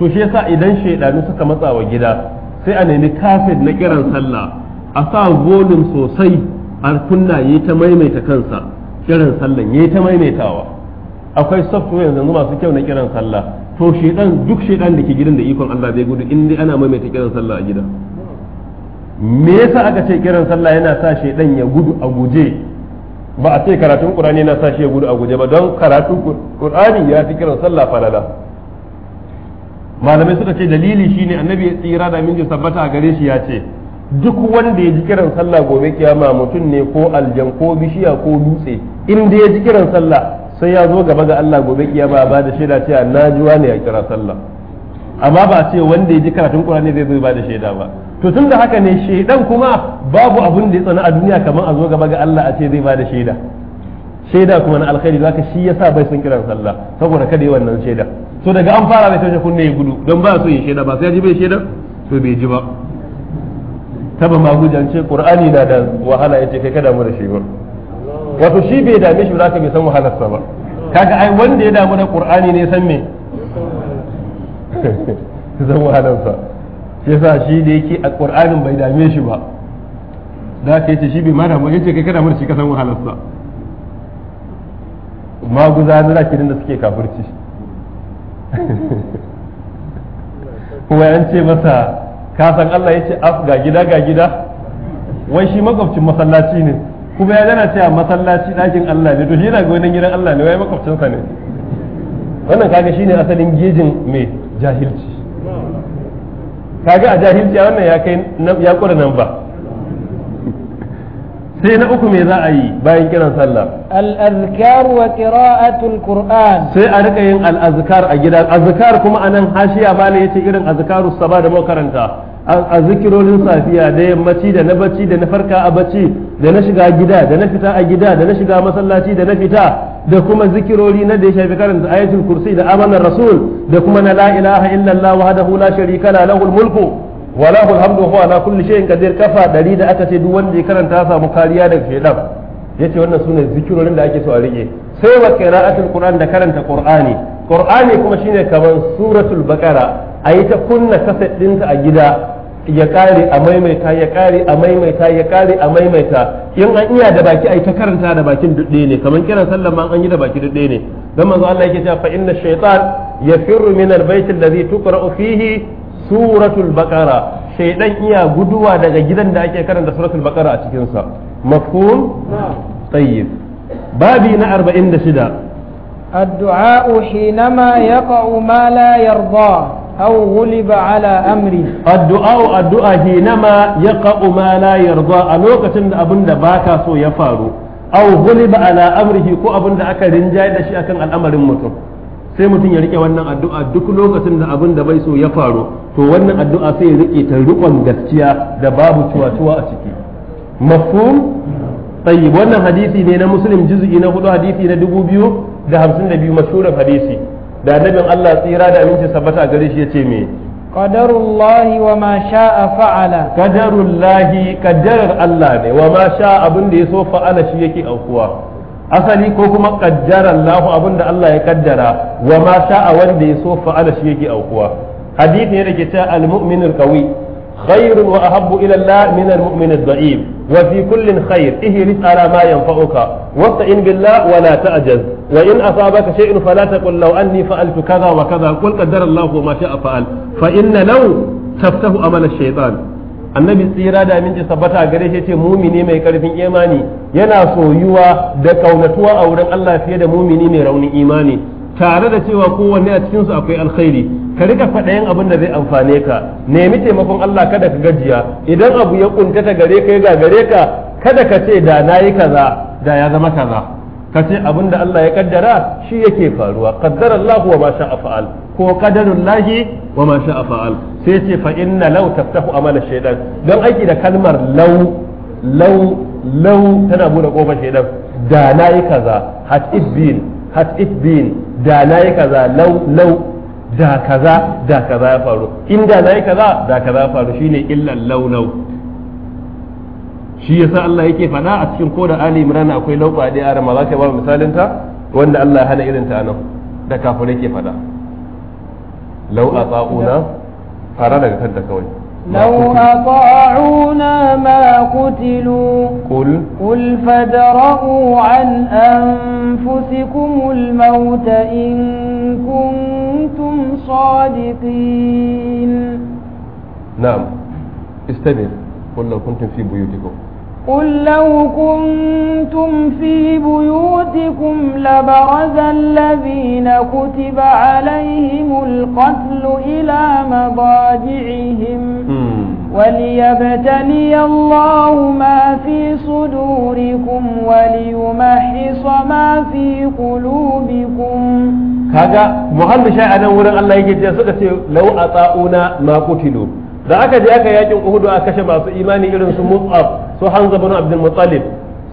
to shi yasa idan shaidanu suka matsa wa gida sai a nemi kafin na kiran sallah a sa volume sosai a kunna yi ta maimaita kansa kiran sallan yi ta maimaitawa akwai software yanzu masu kyau na kiran sallah to shedan duk shedan da ke gidan da ikon Allah zai gudu in dai ana maimaita kiran sallah a gida me yasa aka ce kiran sallah yana sa shedan ya gudu a guje ba a ce karatun qur'ani yana sa shi ya gudu a guje ba don karatun qur'ani ya fi kiran sallah falala malamai suka ce dalili shine annabi ya tsira da min sabbata a gare shi ya ce duk wanda ya ji kiran sallah gobe kiyama mutum ne ko aljan ko bishiya ko dutse in da ya ji kiran sallah sai ya zo gaba ga Allah gobe kiyama ba da shaida cewa na ji wani ya kira sallah amma ba ce wanda ya ji karatun Qur'ani zai zo ba da shaida ba to tunda haka ne shaidan kuma babu abun da ya tsana a duniya kamar a zo gaba ga Allah a ce zai ba da shaida shaida kuma na alkhairi zaka shi yasa bai sun kiran sallah saboda kada yi wannan shaida to daga an fara bai tashi kunne ya gudu don ba su ya shaida ba sai ya ji bai shaida to bai ji ba taba ce qur'ani na da wahala yace kai kada mu da shi ba wato shi bai dame shi zaka bai san wahalarsa ba kaga ai wanda ya damu da qur'ani ne san me san wahalarsa shi yasa shi da yake a qur'anin bai dame shi ba da ka yace shi bai ma damu yace kai kada mu da shi ka san wahalarsa maguza na kirin da suke kafirci kuma an ce masa ka san Allah ya ce af ga gida ga gida wai shi makwabcin masallaci ne kuma ya gana cewa masallaci ɗakin Allah ne to shi yana gonan gidan Allah ne wai makwabcinsa ne wannan kaga shine asalin gejin mai jahilci kaga a jahilci wannan ya kai ya nan ba sai na uku me za a yi bayan kiran sallah al-azkar wa qira'atul qur'an sai a rika yin al-azkar a gida azkar kuma anan hashiya ya yace irin azkarus saba da makaranta a zikirorin safiya da yammaci da na bacci da na farka a bacci da na shiga gida da na fita a gida da na shiga masallaci da na fita da kuma zikirori na da ya shafi karanta ayatul kursi da amanar rasul da kuma na la ilaha illallah wahdahu la sharika la lahul mulku wala alhamdu huwa ala kulli shay'in qadir kafa ɗari da aka ce duk wanda ya karanta samu kariya daga shedan yace wannan sune zikirorin da ake so a rike sai wa qira'atul qur'an da karanta qur'ani qur'ani kuma shine kaman suratul baqara ayi ta kunna kaset dinta a gida ya kare a maimaita ya kare a maimaita ya kare a maimaita in an iya da baki ai ta karanta da bakin dudde ne kamar kiran sallan ma an yi da baki dudde ne dan manzo Allah yake cewa fa inna shaytan yafirru min albayt alladhi tuqra'u fihi suratul baƙara shaydan iya guduwa daga gidan da ake karanta suratul baqara a cikinsa sa mafhum tayyib babi na 46 addu'a hina ma yaqa'u ma la yarda aw ghuliba amri addu'a addu'a hina ma yaqa'u ma la a lokacin da abinda baka so ya faru aw ghuliba ala amrihi ko abinda aka rinjaye da shi akan al'amarin mutum sai mutum ya rike wannan addu'a duk lokacin da abin da bai so ya faru to wannan addu'a sai ya rike ta rikon gaskiya da babu cuwa a ciki mafhum tayyib wannan hadisi ne na muslim juz'i na hudu hadisi na dubu biyu da hamsin da biyu mashhurin hadisi da annabin Allah tsira da abinci sabbata gare shi ce me qadarullahi wa ma sha'a fa'ala qadarullahi qadarar Allah ne wa ma sha'a abin da ya so fa'ala shi yake aukuwa asali ko kuma kaddara Allah abin da Allah ya kaddara wa ma sha'a wanda ya so fa'ala shi yake aukuwa hadisi ne dake cewa al-mu'min al-qawi khayr wa ahabbu ila Allah min al-mu'min al-da'if wa fi kulli khayr ihri ala ma yanfa'uka wasta'in billah wa la ta'jaz wa in asabaka shay'un fala taqul law anni fa'altu kadha wa kadha qul qaddara Allah ma sha'a fa'al fa inna law taftahu amal ash annabi tsira da aminci sabbata gare shi ce mumini mai karfin imani yana soyuwa da kaunatuwa a wurin Allah fiye da mumini mai raunin imani tare da cewa kowanne a cikinsu akwai alkhairi ka rika yin abin da zai amfane ka nemi taimakon Allah kada ka gajiya idan abu ya kuntata gare ka ya gare ka kada ka ce da nayi kaza da ya zama kaza ka ce abin da Allah ya kaddara shi yake faruwa qaddara Allah wa ma sha'a fa'al ko qadarul lahi wa ma sha'a fa'al sai ce fa inna law taftahu mana shaytan don aiki da kalmar law law law tana bude kofar shaytan da nayi kaza has it been has it been da nayi kaza law law da kaza da kaza ya faru inda nayi kaza da kaza ya faru shine illa law law shi yasa Allah yake faɗa a cikin koda Ali Imran akwai lauba da yara ma za ka ba misalin ta wanda Allah ya hana irin ta nan da kafirai ke faɗa. lau a tsauna fara daga kanta kawai لو أطاعونا ما قتلوا قل قل فادرءوا عن أنفسكم الموت إن كنتم صادقين نعم استمر قل لو كنتم في بيوتكم قل لو كنتم في بيوتكم لبرز الذين كتب عليهم القتل إلى مضاجعهم وليبتلي الله ما في صدوركم وليمحص ما في قلوبكم هذا محل شيء أنا أقول الله يجب أن لو أطاؤنا ما قتلوا da aka je aka yakin uhudu a kashe masu imani irin su mus'ab su hanza bin abdul muttalib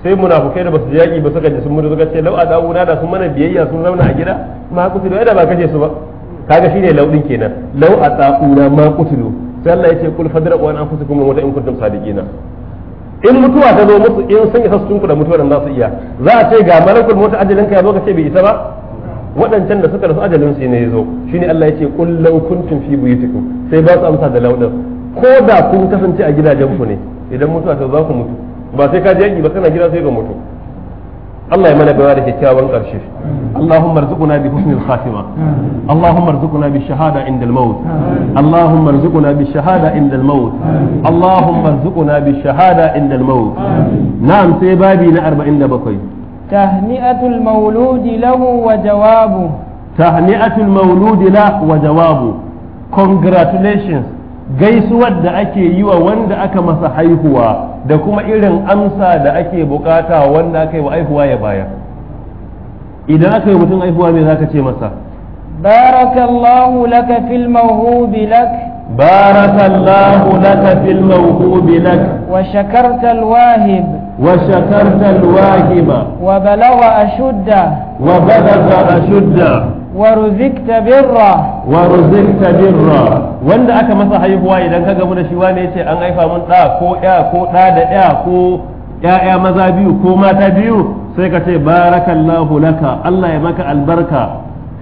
sai munafukai da basu yaki ba suka ji sun mutu suka ce lau a dawuna da sun mana biyayya sun zauna a gida ma kutulu da ba kace su ba kaga shine laudin kenan lau a da ma kutulu sai Allah ya ce kul fadra wa anfusukum wa in kuntum sadiqina in mutuwa ta zo musu in sun isa su tunku da mutuwar za su iya za a ce ga malakul mota ajalin ka ya zo ka ce bai isa ba waɗancan da suka rasu ajalin su ne yazo shine Allah yace qul law kuntum fi buyutikum sai ba su amsa da laudan ko da kun kasance a gidajen ku ne idan mutuwa ta za ku mutu ba sai ka je yaki ba kana gida sai ka mutu Allah ya mana bawa da kyakkyawan karshe اللهم ارزقنا بحسن الخاتمة اللهم ارزقنا بالشهادة عند الموت اللهم ارزقنا بالشهادة عند الموت اللهم ارزقنا بالشهادة عند الموت نعم سيبابي نأربع عند بقي تهنئة المولود له وجوابه تهنئة المولود wa jawabu. congratulations gaisuwar da ake yi wa wanda aka masa haihuwa da kuma irin amsa da ake bukata wanda aka yi wa haihuwa ya baya idan aka yi mutum haihuwa me zaka ce masa barakallahu laka fil mawhubi lak بارك الله لك في الموهوب لك وشكرت الواهب وشكرت الواهمة وبلغ أشده وبلغ أشده ورزقت برا ورزقت birra wanda aka masa haihuwa idan ka gamu da shi wane yace an haifa mun da ko ya ko da da ya ko ya'ya maza biyu ko mata biyu sai ka ce barakallahu laka Allah ya maka albarka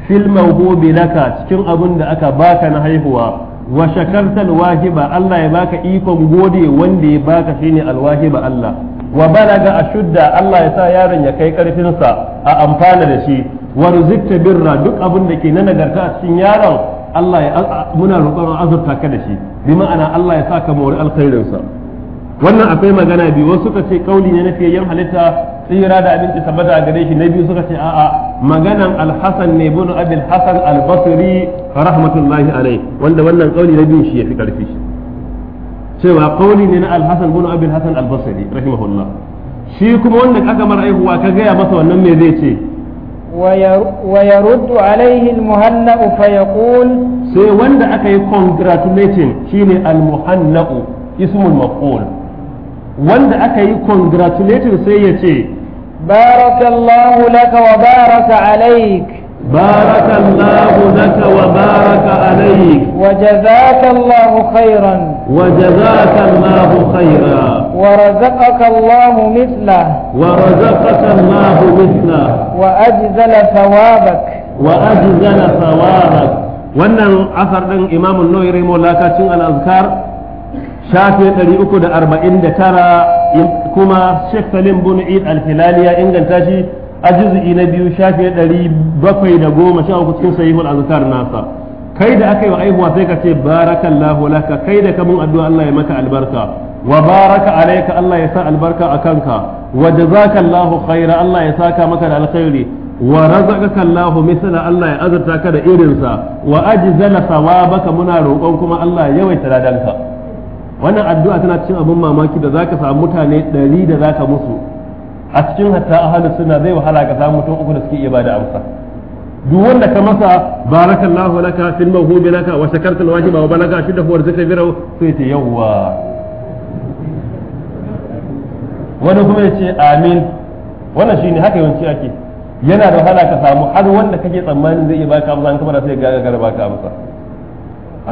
fil mawhubi laka cikin abin da aka baka na haihuwa wa shakarta alwahiba Allah ya baka ikon gode wanda ya baka shine alwahiba Allah wa balaga ashudda Allah ya sa yaron ya kai karfin sa a amfana da shi wa ruzikta birra duk abin da ke na nagarta a cikin yaron Allah ya muna roƙon azurta ka da shi bi ma'ana Allah ya sa ka mori alkhairin sa wannan akwai magana biyu wasu suka ce kauli ne na fiyayyen halitta tsira da abinci tabbata a gare shi na biyu suka ce a'a maganan alhasan ne bunu abil hasan albasri rahmatullahi alai wanda wannan kauli na biyu shi ya fi karfi cewa kauli ne na alhassan bin abin hassan albasari rahimahullah shi kuma wanda aka mara aihuwa ka gaya masa wannan me zai ce ويرد عليه المهنأ فيقول sai wanda aka yi congratulating shine almuhanna'u ismul maf'ul wanda aka yi congratulating sai ya ce barakallahu laka wa baraka alaik barakallahu laka wa baraka alaik وجزاك الله خيرا ورزقك الله مثله ورزقك الله مثله وأجزل ثوابك وأجزل ثوابك wannan asar din Imam Nawawi rahimahullah ka cin al-azkar shafi 349 kuma Sheikh Salim bin Eid al-Hilali ya inganta shi a juz'i na biyu shafi 713 cikin sahihul azkar nasa kai da aka yi wa aihuwa sai ka ce barakallahu laka kai da kamun addu'a Allah ya maka albarka wa baraka alayka Allah ya sa albarka a kanka wa jazakallahu khaira Allah ya saka maka da alkhairi wa razaqaka Allahu misla Allah ya azurta ka da irinsa wa ajzala sawabaka muna roƙon kuma Allah ya yawaita ladanka wannan addu'a tana cikin abin mamaki da zaka samu mutane ɗari da zaka musu a cikin hatta ahlus sunna zai wahala ka samu mutum uku da suke iya bada amsa duk wanda ka masa barakallahu laka fil mawhubi laka wa shakartal wajiba wa balaga shuddahu wa rizqaka birau sai ce yawwa wani kuma ya amin wannan shine haka yawanci ake yana da wahala ka samu har wanda kake tsammanin zai iya baka amsa an sai ga ga baka amsa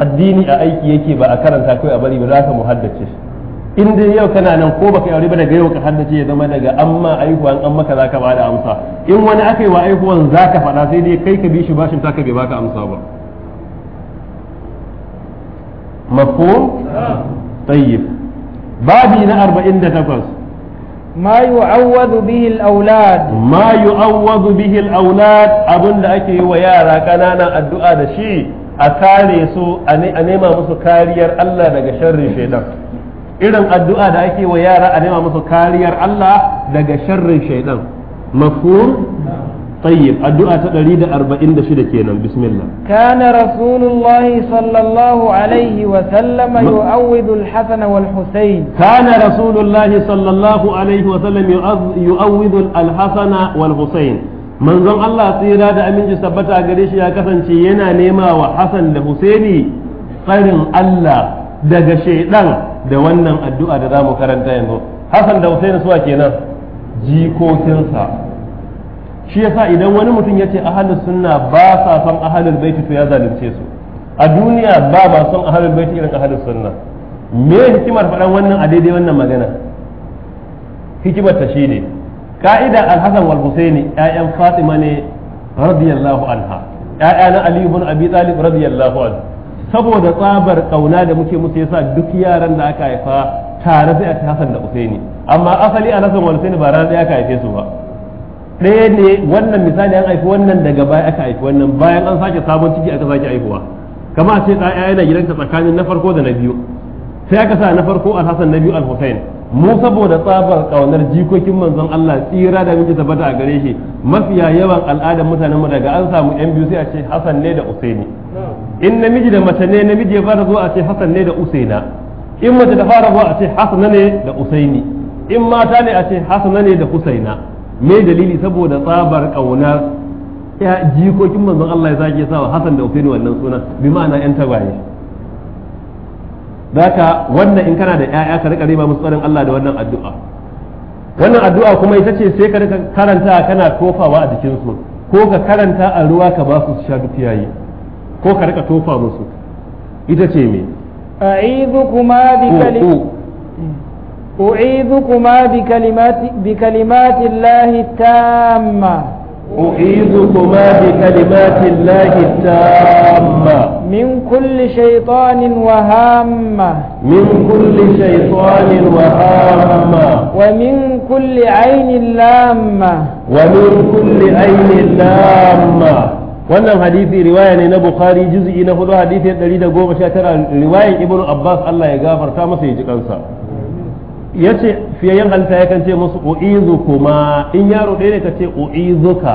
addini a aiki yake ba a karanta kai a bari ba za ka muhaddace in dai yau kana nan ko baka aure ba daga yau ka haddace ya zama daga amma aihuwan an maka zaka ba da amsa in wani aka yi wa aihuwan zaka faɗa sai dai kai ka bi shi bashin taka bai baka amsa ba mafo. tayyib babi na 48 ما يعوض به الأولاد ما يعوض به الأولاد أبن da ake yi wa yara ƙananan addu'a da shi a kare su a nema musu kariyar Allah daga sharrin shaitan irin addu'a da ake wa yara a nema musu kariyar Allah daga sharrin shaidan mafhum tayyib addu'a ta 146 kenan bismillah kana rasulullah sallallahu alaihi wa sallam yu'awwidu al-hasan wal kana rasulullah sallallahu alaihi wa sallam yu'awwidu al-hasan wal husayn manzon Allah tsira da aminci sabbata gare shi ya kasance yana nema wa Hasan da Husaini tsarin Allah daga shaidan da wannan addu'a da zamu karanta yanzu Hassan da Hussein suwa kenan jikokinsa shi yasa idan wani mutum ya ce ahlus sunna ba sa son ahlul baiti to ya zalunce su a duniya ba ba son ahlul baiti irin ahlus sunna me hikimar faɗan wannan a daidai wannan magana hikimar ta shine ka'ida al-Hasan wal Husaini ƴaƴan Fatima ne radiyallahu anha ƴaƴa na Ali ibn Abi Talib radiyallahu anhu saboda tsabar kauna da muke musu yasa duk yaran da aka haifa tare sai a ci Hassan da Usaini amma asali a nasan wani sani ba ran da aka haife su ba ɗaya ne wannan misali an haifi wannan daga baya aka haifi wannan bayan an sake sabon ciki aka sake haihuwa kamar ce ɗaya na gidanka tsakanin na farko da na biyu sai aka sa na farko al-Hassan na biyu al mu saboda tsabar ƙaunar jikokin manzon Allah tsira da muke tabbata a gare shi mafiya yawan al'adar mutanen mu daga an samu yan biyu sai a ce Hassan ne da Usaini in namiji da mace ne namiji ya fara zuwa a ce hasan ne da usaina in mace da fara zuwa a ce hasana ne da usaini in mata ne a ce hasana ne da husaina me dalili saboda tsabar kaunar ya jikokin manzon Allah ya zage sawa hasan da usaini wannan suna bi ma'ana yan tabaye daka wannan in kana da ƴaƴa ka rika rima musu tsarin Allah da wannan addu'a wannan addu'a kuma ita ce sai ka karanta kana tofawa a su ko ka karanta a ruwa ka ba su sha duk yayi ko ka rika tofa musu ita ce me a'idukuma bi kalimati أعيذكما بكلمات بكلمات الله التامة أعيذكما بكلمات الله التامة من كل شيطان وهامة من كل شيطان وهامة ومن كل عين لامة ومن كل عين لامة wannan hadisi riwaya ne na bukhari juz'i na hudu hadisi 119 riwayan ibnu abbas Allah ya gafarta masa ya ji kansa yace fiyayen halitta yakan ce musu u'izu kuma in yaro ɗaya ne ka u'izuka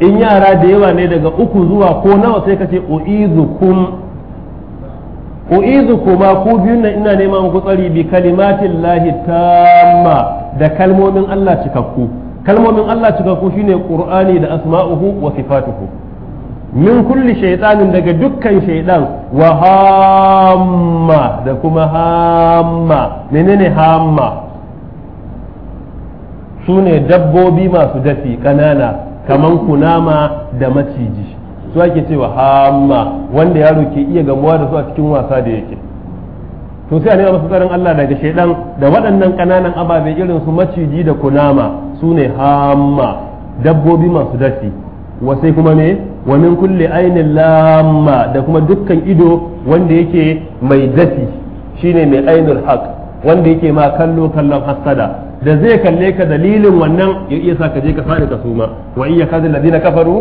in yara da yawa ne daga uku zuwa ko nawa sai ka ce kum u'izu kuma ku biyun nan ina nema muku tsari bi kalimatin lahi tamma da kalmomin Allah cikakku kalmomin Allah cikakku shine qur'ani da asma'uhu wa sifatuhu min kulli shaytanin daga dukkan shaidan wa hamma da kuma hamma menene hamma sune dabbobi masu dafi kanana kaman kunama da maciji su ake cewa hamma wanda yaro ke iya gamuwa da su a cikin wasa da yake to sai a nema masu tsarin Allah daga shaidan da waɗannan kananan ababe irin su maciji da kunama sune ne hamma dabbobi masu dafi wa kuma me wa min kulli ainin lamma da kuma dukkan ido wanda yake mai dafi shine mai ainin haq wanda yake ma kallo kallon hassada da zai kalle ka dalilin wannan ya iya sa ka je ka sani ka suma wa iya kazi ladina kafaru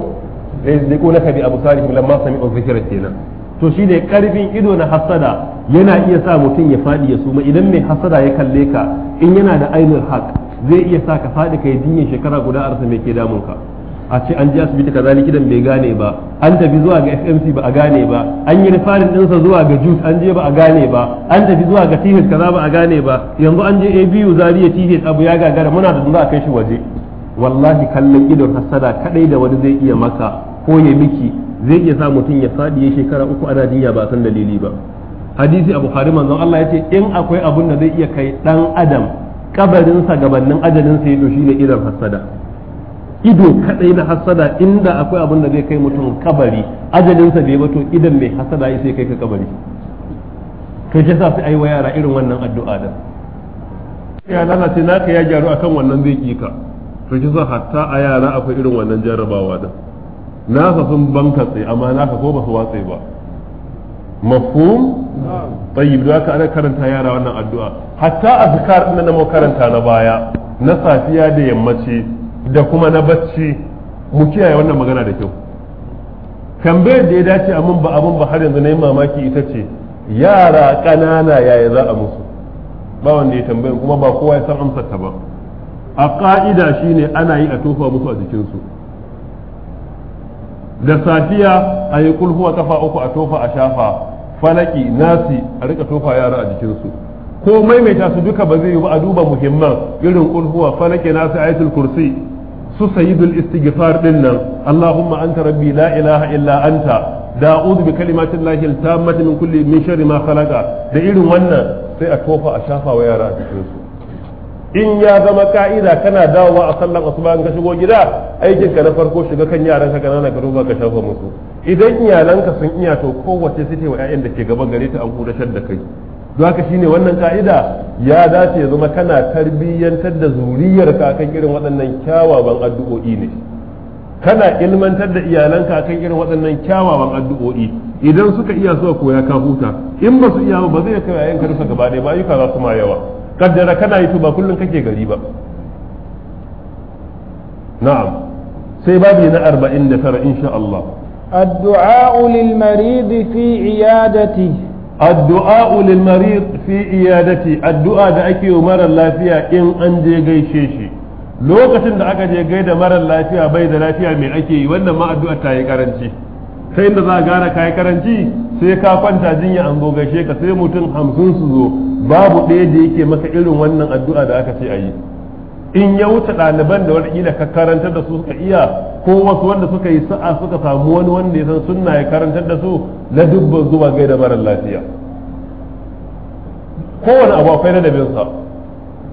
ka bi absarihim lamma sami'u dhikra kenan to shine karfin ido na hassada yana iya sa mutum ya fadi ya suma idan mai hassada ya kalle ka in yana da ainin haq zai iya sa ka fadi kai dinin shekara guda arsa mai ke damun ka a ce an je asibiti kaza likitan bai gane ba an tafi zuwa ga FMC ba a gane ba an yi rifarin dinsa zuwa ga JUS an je ba a gane ba an tafi zuwa ga TH kaza ba a gane ba yanzu an je ABU Zaria TH abu ya gagara muna da za a kai shi waje wallahi kallon idon hasada kadai da wani zai iya maka ko ya miki zai iya sa mutum ya faɗi ya shekara uku ana jinya ba san dalili ba hadisi a bukhari manzon Allah ya ce in akwai abun da zai iya kai dan adam kabarinsa gabanin ajalinsa ya to shine idon hasada ido kadai na hasada inda akwai abin da zai kai mutum kabari ajalinsa bai bato idan mai hasada ya sai kai ka kabari to shi sa sai ayi wa yara irin wannan addu'a da ya lalace naka ya gyaru akan wannan zai ki ka to ki sa hatta a yara akwai irin wannan jarabawa da nasa sun banka tsaye amma naka ko ba su watse ba mafhum tayyib da ka ana karanta yara wannan addu'a hatta azkar din da mu karanta na baya na safiya da yammaci da kuma na bacci mu kiyaye wannan magana da kyau tambayar da ya dace a mun ba abun ba har yanzu na yi mamaki ita ce yara ƙanana yaya za a musu ba wanda ya tambayar kuma ba kowa ya san amsar ta ba a ƙa'ida shine ana yi a tofa musu a jikinsu da safiya a yi kulhuwa kafa uku a tofa a shafa falaki nasi a rika tofa yara a jikinsu ko maimaita su duka ba zai yi ba a duba muhimman irin kulhuwa falaki nasi ayatul kursi su sayidul istighfar din nan Allahumma anta rabbi la ilaha illa anta da a'udhu bi kalimatin lahi tammati min kulli min sharri ma khalaqa da irin wannan sai a tofa a shafa wa yara a su in ya zama ka'ida kana dawowa a sallan asuba in ka shigo gida aikin ka na farko shiga kan yaran ka kanana ka duba ka shafa musu idan iyalanka sun iya to kowace sai wa 'ya'yan da ke gaban gare ta an kudashar da kai don haka shine wannan ka'ida ya dace ya zama kana tarbiyyantar da zuriyarka akan irin waɗannan kyawawan addu'o'i ne kana ilmantar da iyalanka akan irin waɗannan kyawawan addu'o'i idan suka iya suka koya ka huta in ba su iya ba zai kai yayin rufe gaba ɗaya ba ayyuka za su ma yawa kaddara kana yi ba kullum kake gari ba na'am sai babi na 49 insha Allah الدعاء للمريض fi عيادته addu'a lil marid fi iyadati addu'a da ake yi mara lafiya in an je gaishe shi lokacin da aka je gaida mara lafiya bai da lafiya mai ake yi wannan ma addu'a ta yi karanci sai da za a gane ka yi karanci sai ka kwanta jinya an gaishe ka sai mutum hamsin su zo babu ɗaya da yake maka irin wannan addu'a da aka ce a yi in ya wuce ɗaliban da wataƙila ka karantar da su suka iya ko wasu wanda suka yi sa'a suka samu wani wanda ya san sunna ya karantar da su na dubban zuwa da mara lafiya kowane abu akwai sa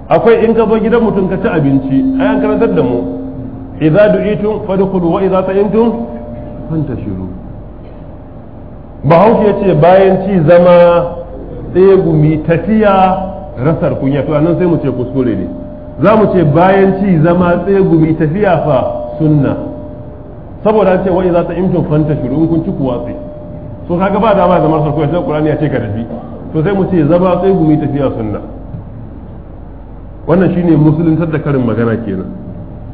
akwai in ka zo gidan mutum ka ci abinci ai an karantar da mu idza du'itum fadkhulu wa idza ta'intum fantashiru bahaushe ya ce bayan ci zama tsegumi tafiya rasar kunya to anan sai mu ce kuskure ne za mu ce bayan ci zama tsegumi tafiya fa sunna saboda ce wai za ta imtun fanta shiru in kun ci kuwa sai so kaga ba dama zama sarko sai qur'ani ya ce ka tafi to sai mu ce zama tsegumi tafiya sunna wannan shine musuluntar da karin magana kenan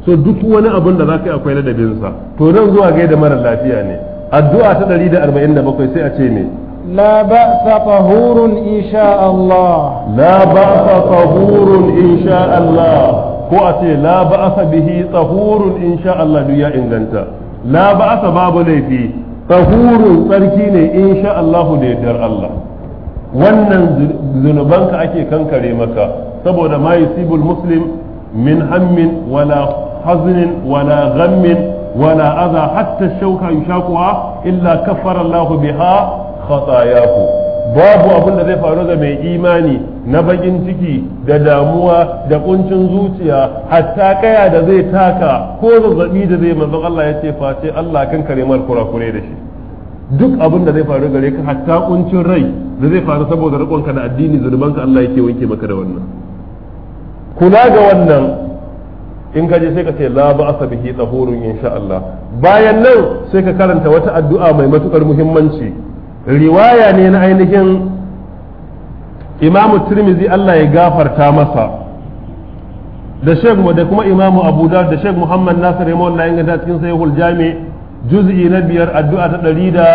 so duk wani abin da zaka yi akwai ladabinsa to nan zuwa ga da mara lafiya ne addu'a ta 147 sai a ce ne لا بأس طهور إن شاء الله لا بأس طهور إن شاء الله ko a ce la bihi tsahurun insha Allah duk ya inganta la babu laifi tsahurun tsarki ne insha Allah da yardar Allah wannan zunubanka ake kankare maka saboda ma yusibul muslim min hammin wala haznin wala ghammin wala adha hatta shauka yushaquha illa kafarallahu Allah biha khatayahu babu abin da zai faru ga mai imani na bakin ciki da damuwa da kuncin zuciya hatta kaya da zai taka ko zazzabi da zai manzo Allah ya ce face Allah kan kare mar kurakure da shi duk abin da zai faru gare ka hatta kuncin rai da zai faru saboda rikonka da addini ka Allah yake wanke maka da wannan kula ga wannan in ka je sai ka ce la ba'sa bihi tahurun insha Allah bayan nan sai ka karanta wata addu'a mai matukar muhimmanci riwaya ne na ainihin imamu tirmizi Allah ya gafarta masa da sheikh da kuma imamu abu da da sheikh muhammad nasir ya mawalla inganta cikin sahihul jami juz'i na biyar addu'a ta ɗari da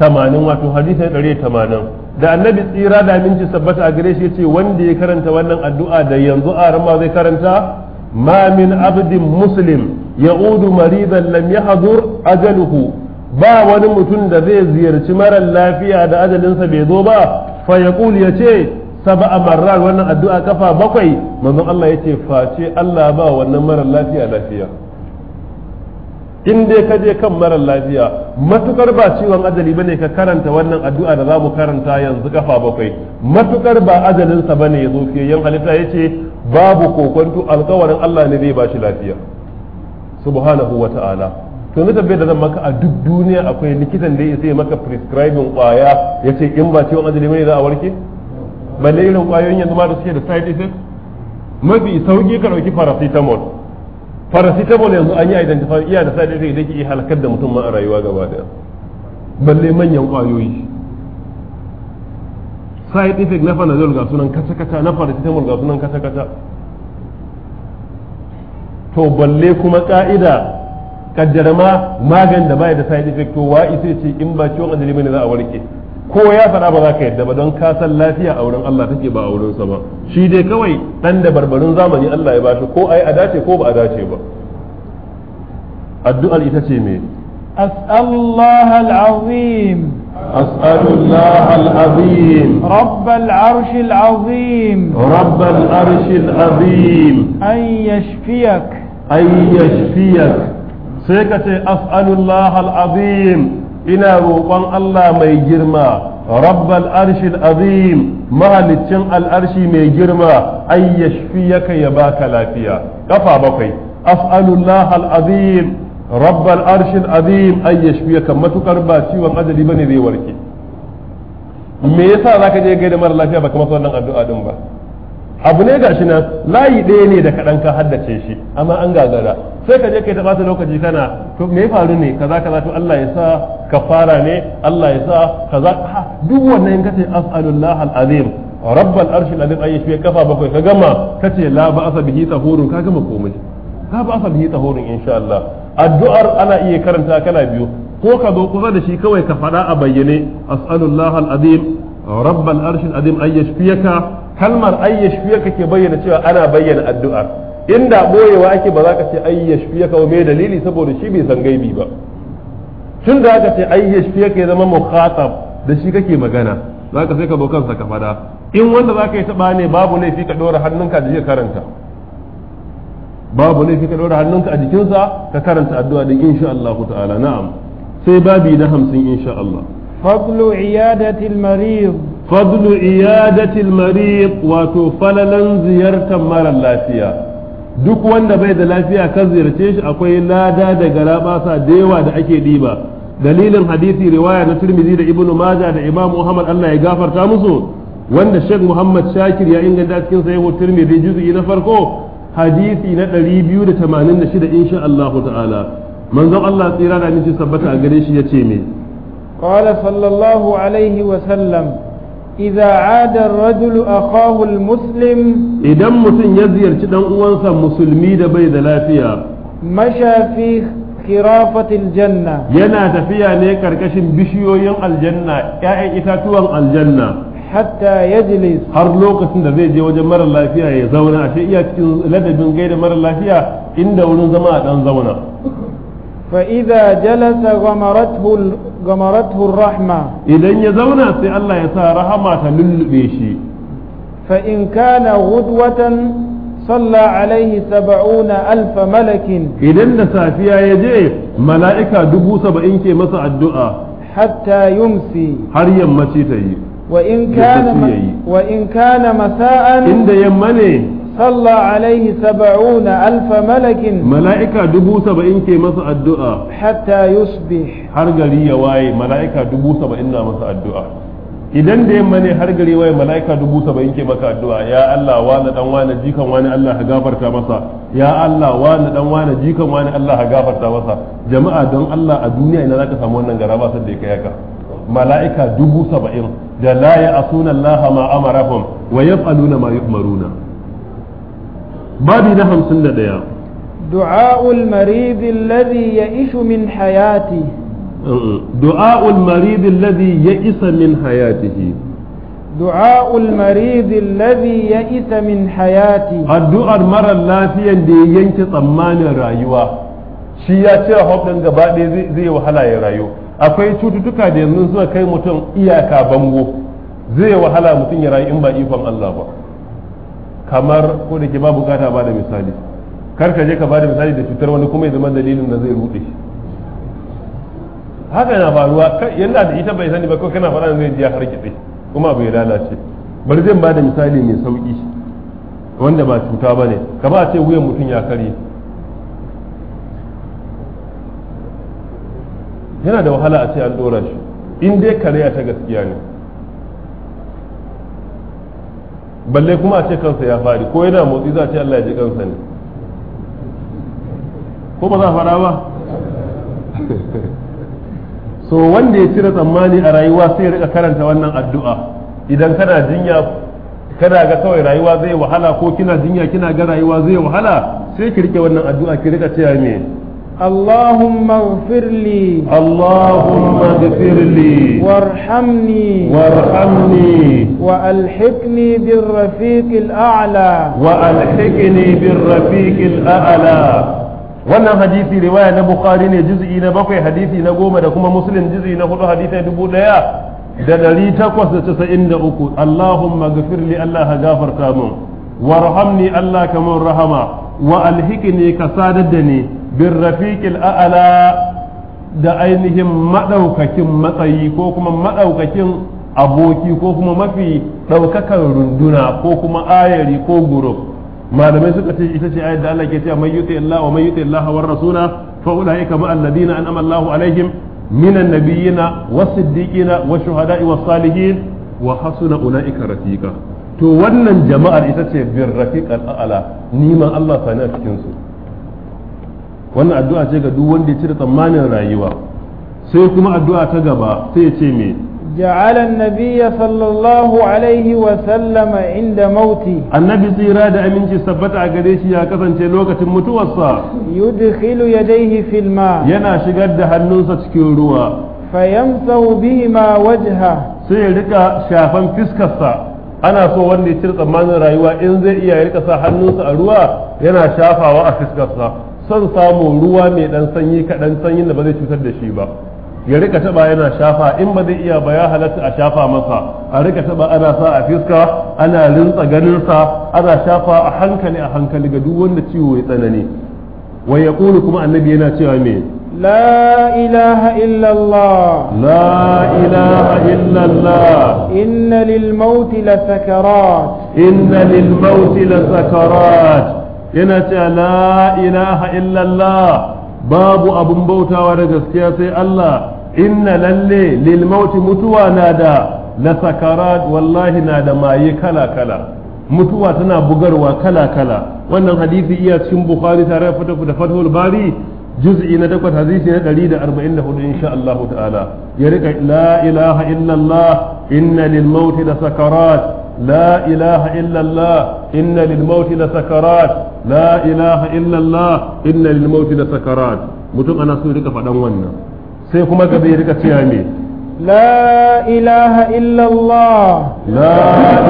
tamanin wato hadisi ɗari da tamanin da annabi tsira da aminci sabbata a gare shi ya ce wanda ya karanta wannan addu'a da yanzu a ma zai karanta ma min abdin muslim ya'udu maridan lam yahdhur ajaluhu ba wani mutum da zai ziyarci marar lafiya da ajalinsa bai zo ba fa ya yace sab'a marar wannan addu'a kafa bakwai manzon Allah yace face Allah ba wannan marar lafiya lafiya in dai ka je kan marar lafiya matukar ba ciwon ajali bane ka karanta wannan addu'a da zamu karanta yanzu kafa bakwai matukar ba ajalinsa bane ya zo yan halitta yace babu kokonto alkawarin Allah ne zai ba shi lafiya subhanahu wa ta'ala to na tambayar da zan maka a duk duniya akwai likitan da ya sai maka prescribing kwaya ya ce in ba ciwon ajali bane za a warke balle irin kwayoyin yanzu ma da suke da side effect mafi sauki ka dauki paracetamol paracetamol yanzu an yi identify iya da side effect da ke halakar da mutum ma a rayuwa gaba daya balle manyan kwayoyi side effect na panadol ga sunan kata kata na paracetamol ga sunan kata kata to balle kuma ka'ida kaddara ma magan da bai da side effect to wa ita ce in ba ciwon ajali bane za a warke ko ya faɗa ba za ka yadda ba don ka san lafiya a wurin Allah take ba a wurin sa ba shi dai kawai dan da barbarin zamani Allah ya bashi ko ai a dace ko ba a dace ba addu'ar ita ce me as'alullah al'azim أسأل الله العظيم رب العرش العظيم رب العرش العظيم أن يشفيك أن يشفيك sai ka ce as'alullah al'azim ina roƙon Allah mai girma rabbal arshil azim mahaliccin al'arshi mai girma ay ka ya baka lafiya kafa bakwai as'alullah al'azim rabbal arshin azim ay ka matukar ba ciwon ajali bane zai warke me yasa zaka je gaida mara lafiya baka masa wannan addu'a din ba abu ne gashi nan layi ɗaya ne da kaɗan ka haddace shi amma an gagara sai ka je kai ta bata lokaci kana to me faru ne kaza kaza to Allah ya sa kafara ne Allah ya sa kaza duk wannan in kace as'alullah al-azim rabbal arshi al-azim ayi kafa bakwai ka gama kace la ba'asa bihi tahurun ka gama komai la ba'asa bihi insha Allah addu'ar ana iya karanta kana biyu ko ka zo kusa da shi kawai ka faɗa a bayyane as'alullah al-azim rabbal arshi al-azim ayi shi kalmar ke bayyana cewa ana bayyana addu'ar inda boyewa ake ba za ka ce ai yashfi ya kawo mai dalili saboda shi bai san gaibi ba tun da aka ce ai yashfi ya kai zama mukhatab da shi kake magana za ka sai ka zo sa ka fada in wanda za ka yi taba ne babu laifi ka dora hannunka da zai karanta babu laifi ka dora hannunka a jikinsa ka karanta addu'a din insha Allah ta'ala na'am sai babi na hamsin insha Allah fadlu iyadatil marid fadlu iyadatil marid wato falalan ziyartar mara lafiya duk wanda bai da lafiya kan ziyarce shi akwai lada da garabasa da yawa da ake diba dalilin hadisi riwaya na turmizi da ibnu maja da imam muhammad allah ya gafarta musu wanda sheikh muhammad shakir ya inganta cikin sahihu turmizi juz'i na farko hadisi na 286 insha Allah ta'ala manzon Allah tsira da miji sabbata a gare shi yace me qala sallallahu alaihi wa sallam إذا عاد الرجل أخاه المسلم إذا مسلم يزير كدن أوانسا مسلمي دبي دلافيا مشى في خرافة الجنة ينا تفيا نيكر كشن بشيو ين الجنة يا إتاتوان الجنة hatta yajlis har lokacin da zai je wajen mara lafiya ya zauna ashe iya cikin ladabin gaida mara lafiya inda wurin zama a dan zauna فإذا جلس غمرته ال... غمرته الرحمة إذا يزونا سي الله يسا رحمة للبيشي فإن كان غدوة صلى عليه سبعون ألف ملك إذا نسافيا يجي ملائكة دبو سبعين كي مسا الدعاء حتى يمسي هر يمشي تي وإن كان م... وإن كان مساء إن يمني صلى عليه سبعون ألف ملك ملائكة دبو سبعين كي مسا الدعاء حتى يصبح هرغلي يواي ملائكة دبو سبعين مسا الدعاء idan da yamma ne har gari waye mala'ika dubu saba'in ke maka addu'a ya Allah wani dan wani jikan wani Allah ha gafarta masa ya Allah wani dan wani jikan wani Allah ha gafarta masa jama'a don Allah a duniya ina zaka samu wannan garaba sai da kai ka mala'ika dubu saba'in da la ya asuna Allah ma amarahum wa yaf'aluna ma yu'maruna babi na hamsin da ɗaya du'a'ul marid alladhi ya'ishu min hayati uh-uh. du'a'ul marid alladhi ya'isa min hayatihi du'a'ul marid alladhi ya'isa min hayati addu'ar mara lafiyan da ya yanke tsammanin rayuwa shi ya ce hope din gaba ɗaya wahala ya rayu akwai cututtuka da yanzu suka kai mutum iyaka bango zai wahala mutum ya rayu in ba ikon Allah ba kamar ko da ke ba bukata ba da misali kar ka je ka ba da misali da cutar wani kuma ya zama dalilin da zai rude haka yana faruwa yadda da ita bai sani ba ko kana faɗa zai ji har hargitse kuma bai lalace bari zan ba da misali mai sauki wanda ba cuta ba ne kama a ce wuyan mutum ya karye yana da wahala a ce an dora shi in dai kare ta gaskiya ne balle kuma a ce kansa ya fari ko yana motsi za a ce Allah ya ji kansa ne ko ba za a fara ba so wanda ya cire tsammani a rayuwa sai ya rika karanta wannan addu'a idan kana jinya kana ga kawai rayuwa zai wahala ko kina jinya kina ga rayuwa zai wahala sai ki rike wannan addu'a ki rika cewa me اللهم اغفر لي اللهم اغفر لي وارحمني وارحمني والحقني بالرفيق الاعلى والحقني بالرفيق الاعلى wannan hadisi riwaya na bukhari ne juz'i na bakwai hadisi na goma da kuma muslim juz'i na hudu hadisi na dubu daya da dari takwas da casa'in da uku allahumma gafirli allah ka gafarta min warhamni allah kamar rahama wa alhikni ka sadar da ni bin rafiqil a'ala da ainihin maɗaukakin matsayi ko kuma maɗaukakin aboki ko kuma mafi ɗaukakan runduna ko kuma ayari ko guruf malamai suka ce ita ce ayat da Allah ke cewa mai yuti Allah wa mai yuti Allah wa rasula fa ulaika ma alladina an'ama alaihim minan nabiyina was-siddiqina wash-shuhada'i was-salihin wa hasuna ulaika rafiqa to wannan jama'ar ita ce bir rafiqal a'la niman Allah sani a cikin wannan addu'a ce ga duk wanda ya cire tsammanin rayuwa sai kuma addu'a ta gaba sai ya ce me جعل النبي صلى الله عليه وسلم عند موته النبي tsira da aminci, sabbata a gare shi ya kasance lokacin mutuwarsa yudkhilu yadayhi fil ma yana shigar da hannunsa cikin ruwa fayamsahu bihima wajha sai rika shafan fiskarsa ana so wanda ya cire tsammanin rayuwa in zai iya rika sa hannunsa a ruwa yana shafawa a fiskarsa son samu ruwa mai dan sanyi kaɗan sanyin da ba zai cutar da shi ba ya rika taba yana shafa in ba zai iya ba ya halatta a shafa masa a rika taba ana sa a fiska ana rinsa ganinsa ana shafa a hankali a hankali ga duk wanda ciwo ya tsanani wai ya kuma annabi yana cewa me لا إله إلا الله لا إله إلا الله إن للموت لسكرات إن للموت sakarat. yana cewa la ilaha illallah babu abun bautawa da gaskiya sai Allah inna lalle lil mauti mutuwa na da la sakarat wallahi na da maye kala kala mutuwa tana bugarwa kala kala wannan hadisi iya cikin bukhari tare da fatahu da fathul bari juz'i na takwas hadisi na 144 insha Allah ta'ala ya rika la ilaha illallah inna lil mauti la sakarat la ilaha illallah inna lil mauti la sakarat لا إله إلا الله إن للموت لسكرات mutum ana so rika faɗan wannan sai kuma gaba ya rika cewa me la ilaha illallah la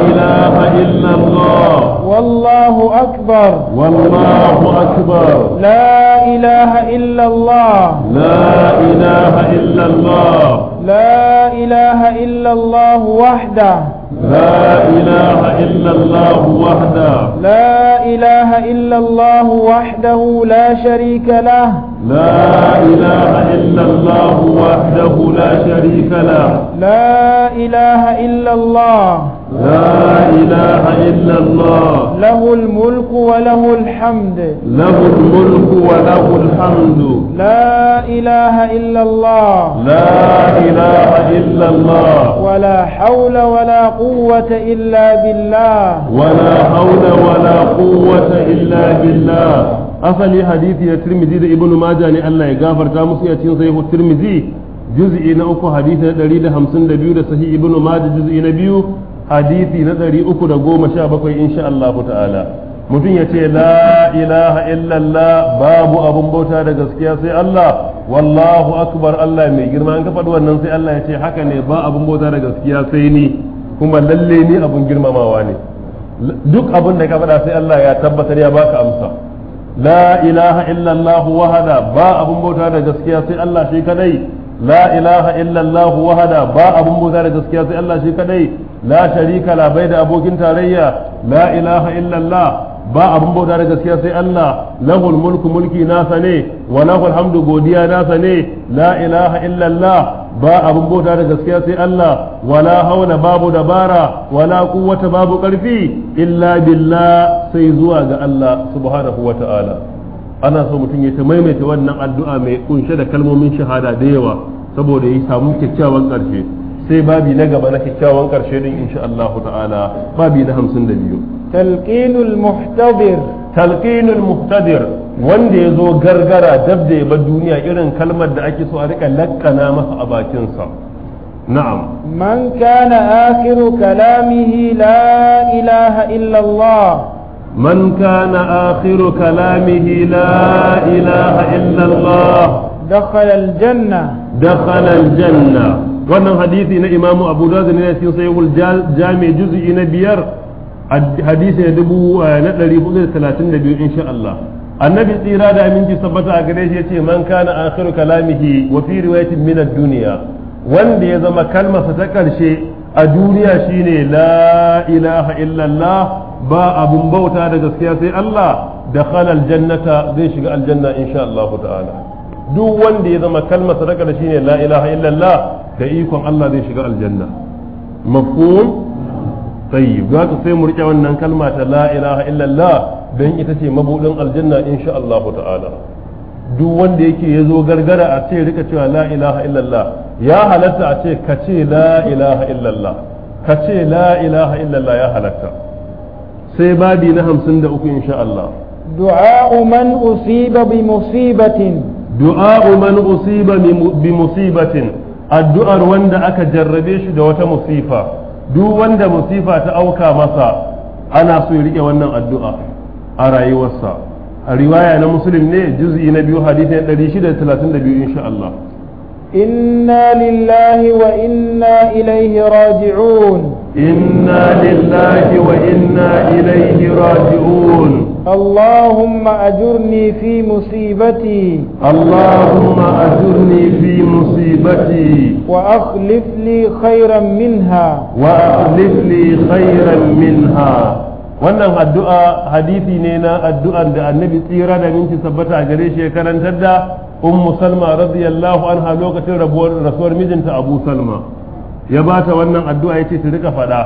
ilaha illallah wallahu akbar wallahu akbar la ilaha illallah la ilaha illallah la ilaha illallah wahda la ilaha illallah wahda la ilaha illallah إله إلا الله وحده لا شريك له لا إله إلا الله وحده لا شريك له لا إله إلا الله لا إله إلا الله له الملك وله الحمد له الملك وله الحمد لا إله إلا الله لا إله إلا الله ولا حول ولا قوة إلا بالله ولا حول ولا قوة إلا بالله أفلي حديث يا ترمذي ابن ماجه أن الله يغفر تامس يا صحيح الترمذي جزء na uku hadisi na 152 da sahih ibnu majah juz'i na hadisi na ɗari uku da goma sha bakwai insha Allah ta'ala mutum ya ce la ilaha illallah babu abun bauta da gaskiya sai Allah wallahu akbar Allah mai girma an ka faɗi wannan sai Allah ya ce haka ne ba abun bauta da gaskiya sai ni kuma lalle ni abun girmamawa ne duk abun da ka faɗa sai Allah ya tabbatar ya baka amsa la ilaha illallah wahada ba abun bauta da gaskiya sai Allah shi kadai la ilaha illallah wahada ba abun bauta da gaskiya sai Allah shi kadai la sharika la bai da abokin tarayya la ilaha illallah ba abun bauta da gaskiya sai Allah lahul mulku mulki nasa ne wa lahul hamdu godiya nasa ne la ilaha illallah ba abun bauta da gaskiya sai Allah wala hauna babu dabara wala quwwata babu karfi illa billah sai zuwa ga Allah subhanahu wa ta'ala ana so mutum ya ta maimaita wannan addu'a mai kunshe da kalmomin shahada da yawa saboda ya samu kyakkyawan karshe sai babi na gaba na kyakkyawan karshe din insha Allah ta'ala babi na biyu. talqinul muhtadir talqinul muhtadir wanda ya zo gargara dab da ba duniya irin kalmar da ake so a rika lakkana masa a bakinsa na'am man kana akhiru kalamihi la ilaha illa Allah من كان آخر كلامه لا إله إلا الله دخل الجنة دخل الجنة wannan hadisi na imamu abu dawud ne cikin sahihul jami juz'i na biyar hadisi na dubu eh, na ɗari hudu da talatin da biyu insha Allah annabi tsira da aminci sabbata a gare shi ya ce man kana akhiru kalamihi wa fi riwayatin min ad-dunya wanda ya zama kalmarsa ta karshe a duniya shine la ilaha illallah ba abun bauta da gaskiya sai Allah da khalal jannata zai shiga aljanna insha Allah ta'ala duk wanda ya zama kalmar sadaka da shine la ilaha illallah da ikon Allah zai shiga aljanna mafhum tayyib ga sai mu rike wannan kalma ta la ilaha illallah dan ita ce mabudin aljanna insha Allah ta'ala duk wanda yake ya zo gargara a ce rika cewa la ilaha illallah ya halatta a ce ka ce la ilaha illallah ka ce la ilaha illallah ya halatta sai babi na hamsin da uku insha Allah du'a man usiba bi musibatin du'a'u man usiba bi musibatin addu'ar wanda aka jarrabe shi da wata musifa duk wanda musifa ta auka masa ana so ya rike wannan addu'a a rayuwarsa a riwaya na muslim ne juz'i na biyu hadisi na 632 insha Allah inna lillahi wa inna ilaihi raji'un إنا لله وإنا إليه راجعون اللهم أجرني في مصيبتي اللهم أجرني في مصيبتي وأخلف لي خيرا منها وأخلف لي خيرا منها wannan addu'a hadisi ne na addu'ar da annabi tsira da minti sabbata a gare shi karantar da ummu salma radiyallahu anha lokacin rabuwar rasuwar mijinta abu salma ya ba ta wannan addu'a yace ta rika faɗa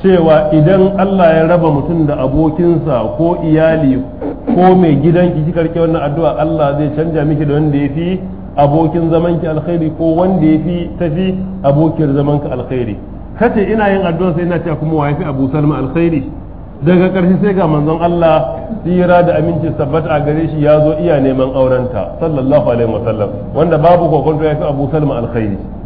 cewa idan Allah ya raba mutum da abokinsa ko iyali ko mai gidanki kika rike wannan addu'a Allah zai canja miki da wanda yafi abokin zamanki alkhairi ko wanda yafi tafi abokin zamanka alkhairi kace ina yin addu'a sai ina cewa kuma wa yafi Abu Salma alkhairi daga ƙarshe sai ga manzon Allah tsira da aminci sabbata a gare shi ya zo iya neman aurenta sallallahu alaihi wasallam wanda babu kokonto ya fi Abu Salma alkhairi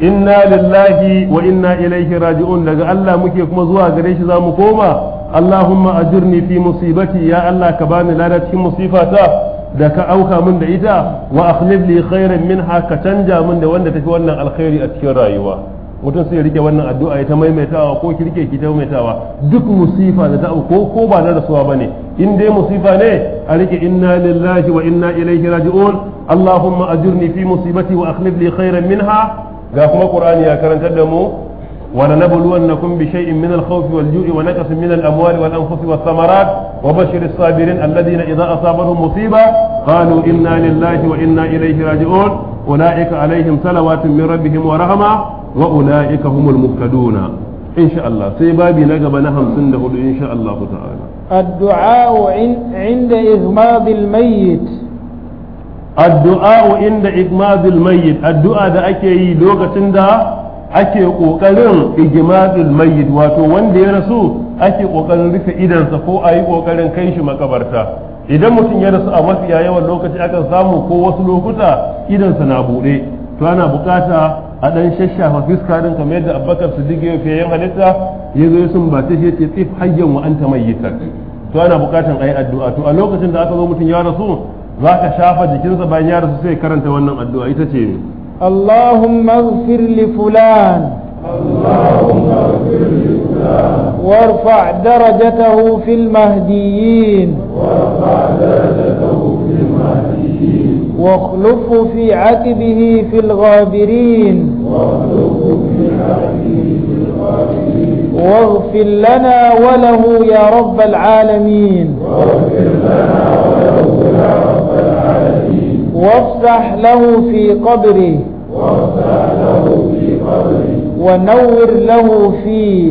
inna lillahi wa inna ilaihi raji'un daga Allah muke kuma zuwa gare shi zamu koma Allahumma ajirni fi musibati ya Allah ka bani lada cikin musifata da ka auka min da ita wa akhlif li khairan minha ka canja min da wanda tafi wannan alkhairi a cikin rayuwa mutum sai rike wannan addu'a ya ta maimaitawa ko ki rike ki ta maimaitawa duk musifa da ta ko ko ba na rasuwa bane in dai musifa ne a rike inna lillahi wa inna ilaihi raji'un Allahumma ajirni fi musibati wa akhlif li khairan minha ga kuma qur'ani ya karantar da mu wa lanabluwannakum bi shay'in min al-khawfi wal-ju'i wa naqsin min al-amwali wal-anfusi was-samarat wa bashir as-sabirin alladhina idha asabatuhum musiba qalu inna lillahi wa inna ilayhi raji'un ulaika alaihim salawatun min rabbihim wa rahma wa ulaika humul muhtaduna insha Allah sai babi na gaba na 54 insha Allah ta'ala الدعاء inda إغماض الميت addu'a inda igmadul mayyit addu'a da ake yi lokacin da ake kokarin igmadul mayyit wato wanda ya rasu ake kokarin rufe idansa ko a yi kokarin kai shi makabarta idan mutum ya rasu a mafiya yawan lokaci akan samu ko wasu lokuta idansa na buɗe to ana bukata a dan shashafa fuska din kamar yadda abubakar su ya fiye halitta ya zo sun ba shi ce tsif hayyan wa anta mayyitan to ana bukatan ayi addu'a to a lokacin da aka zo mutum ya rasu za ka shafa jikinsa bayan ya rasu sai karanta wannan addu'a ita ce Allahumma ighfir li fulan اللهم اغفر لفلان وارفع درجته في المهديين واخلفه في في الغابرين عتبه في الغابرين واغفر لنا وله يا رب العالمين واغفر لنا وله يا رب وافتح له في قبره ونور له فيه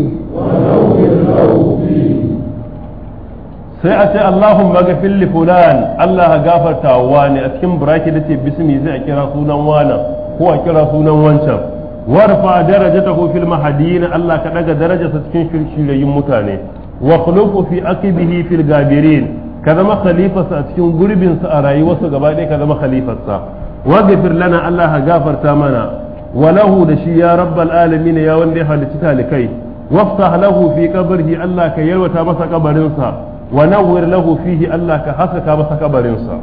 sai a ce Allahumma magafin li allah Allah gafarta wani a cikin buraki da ce bismi zai a kira sunan wani ko a kira sunan wancan warfa darajatahu fil ne Allah ka daga darajarsa cikin shiryayyun mutane wa khulufu fi aqibihi fil gabirin ka zama khalifarsa a cikin gurbinsa a rayuwarsa gaba ɗaya ka zama khalifarsa waghfir lana Allah ha gafarta mana walahu da shi ya rabbal alamin ya wanda ya halicci talikai waftah lahu fi qabrihi Allah ka yalwata masa kabarinsa wa nawwir lahu fihi Allah ka hasaka masa kabarinsa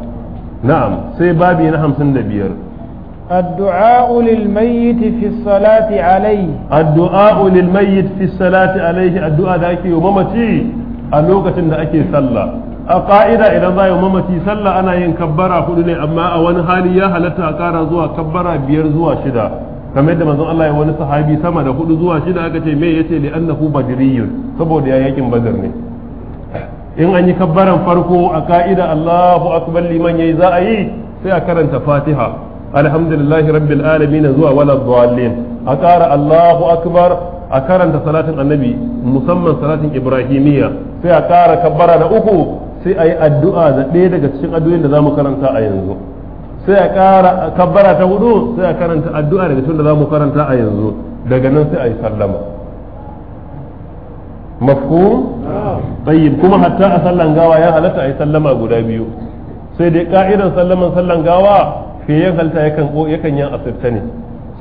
na'am sai babi na 55 الدعاء للميت في الصلاة عليه الدعاء للميت في الصلاة عليه الدعاء ذاك يوم ممتي a lokacin da ake sallah a ƙa'ida idan za yi mamaci sallah ana yin kabbara hudu ne amma a wani hali ya halatta a ƙara zuwa kabbara biyar zuwa shida kamar yadda manzon Allah ya wani sahabi sama da hudu zuwa shida aka ce me yace li annahu badriyyun saboda ya yakin badar ne in an yi kabbaran farko a ka'ida Allahu akbar liman yayi za a yi sai a karanta Fatiha alhamdulillahi rabbil alamin zuwa wala dallin a ƙara Allahu akbar a karanta salatin annabi musamman salatin ibrahimiyya sai a ƙara kabbara na uku sai a yi addu'a da ɗaya daga cikin addu’in da za mu karanta a yanzu sai a ƙara kabbara ta hudu sai a karanta addu'a daga cikin da za mu karanta a yanzu daga nan sai a yi sallama mafhum tayyib kuma hatta a sallan gawa ya halatta a yi sallama guda biyu sai dai ka'idan sallaman sallan gawa fiye halta yakan yin yan ne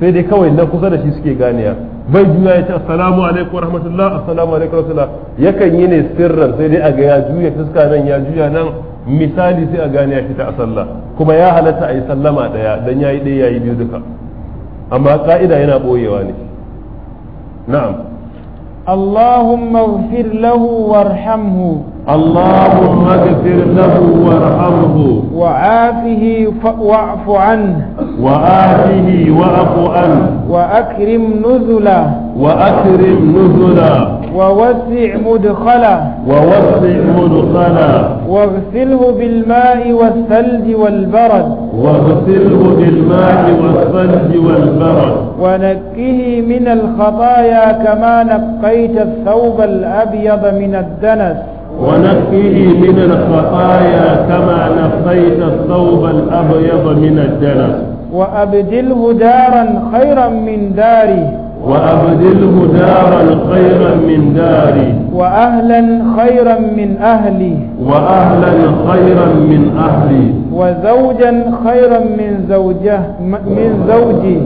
sai dai kawai na kusa da shi suke ganiya bai juya ya ce assalamu alaikum rahmatullah assalamu alaikum rahmatullah yakan yi ne sirran sai dai a ga ya juya fuska nan ya juya nan misali sai a gane ya fita a sallah kuma ya halatta a yi sallama daya dan yayi ɗaya yayi biyu duka amma ka'ida yana boyewa ne na'am اللهم اغفر له وارحمه اللهم اغفر له وارحمه وعافه واعف عنه وآفه واعف عنه وأكرم نزله وأكرم نزله ووسع مدخله ووسع مدخله واغسله بالماء والثلج والبرد واغسله بالماء والثلج والبرد ونكه من الخطايا كما نقيت الثوب الأبيض من الدنس ونقيه من الخطايا كما نقيت الثوب الأبيض من الدنس وأبدله دارا خيرا من داري وأبدله دارا خيرا من داري وأهلا خيرا من أهلي وأهلا خيرا من أهلي وزوجا خيرا من زوجه من زوجي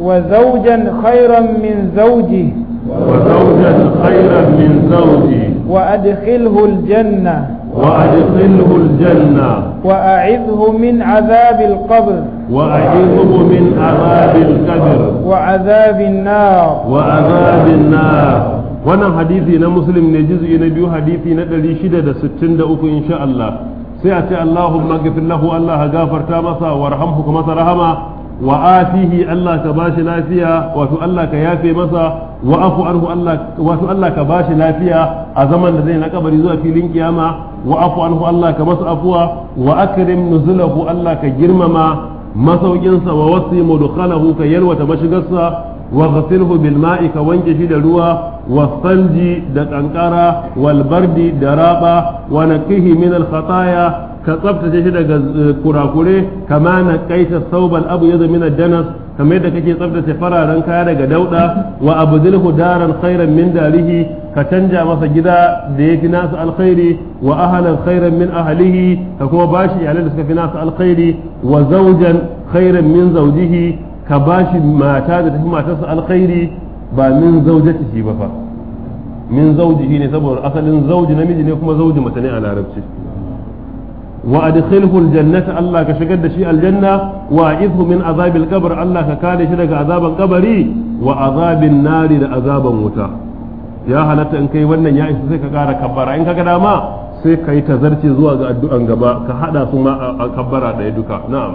وزوجا خيرا من زوجي وزوجا خيرا من زوجي وأدخله الجنة وأدخله الجنة وأعذه من عذاب القبر وأعذه من عذاب القبر وعذاب النار وعذاب النار وانا حديثي مسلم نجز نبي حديثي ندري شدد ستند أكو إن شاء الله سيأتي اللهم اغفر له الله غافر تامسا وارحمه كما رحمه wa atihi Allah ka bashi lafiya wato Allah ka yafe masa wa afu anhu Allah wato Allah ka bashi lafiya a zaman da zai na kabari zuwa filin kiyama wa afu anhu Allah ka masa afuwa wa akrim nuzulahu Allah ka girmama masaukinsa wa wasi mudkhalahu ka yalwata mashigarsa wa ghasilhu bil ma'i ka wanke shi da ruwa wa sanji da kankara wal bardi da raba wa naqihi min al khataya ka tsaftace shi daga eh, kurakure kama na kaita sauban abu ya zama danas kama yadda kake tsaftace fararen kaya daga dauda wa abdilhu daran khairan min darihi ka canja masa gida da ya fi nasu alkhairi wa ahalan khairan min ahalihi ka kuma bashi iyalai da suka fi nasu alkhairi wa zaujan khairan min zaujihi ka bashi mata da tafi matarsa alkhairi ba min zaujatihi ba fa min zaujihi ne saboda asalin zauji namiji ne kuma zauji mace ne a larabci wa a adkhilhu aljannata Allah ka shigar da shi aljanna wa a min azabil kabar Allah ka kare shi daga azaban kabari wa azabin nari da azaban wuta ya halatta in kai wannan ya isa sai ka kara kabbara in ka ga dama sai kai tazarci zuwa ga addu'an gaba ka haɗa su ma a kabbara ɗaya duka na'am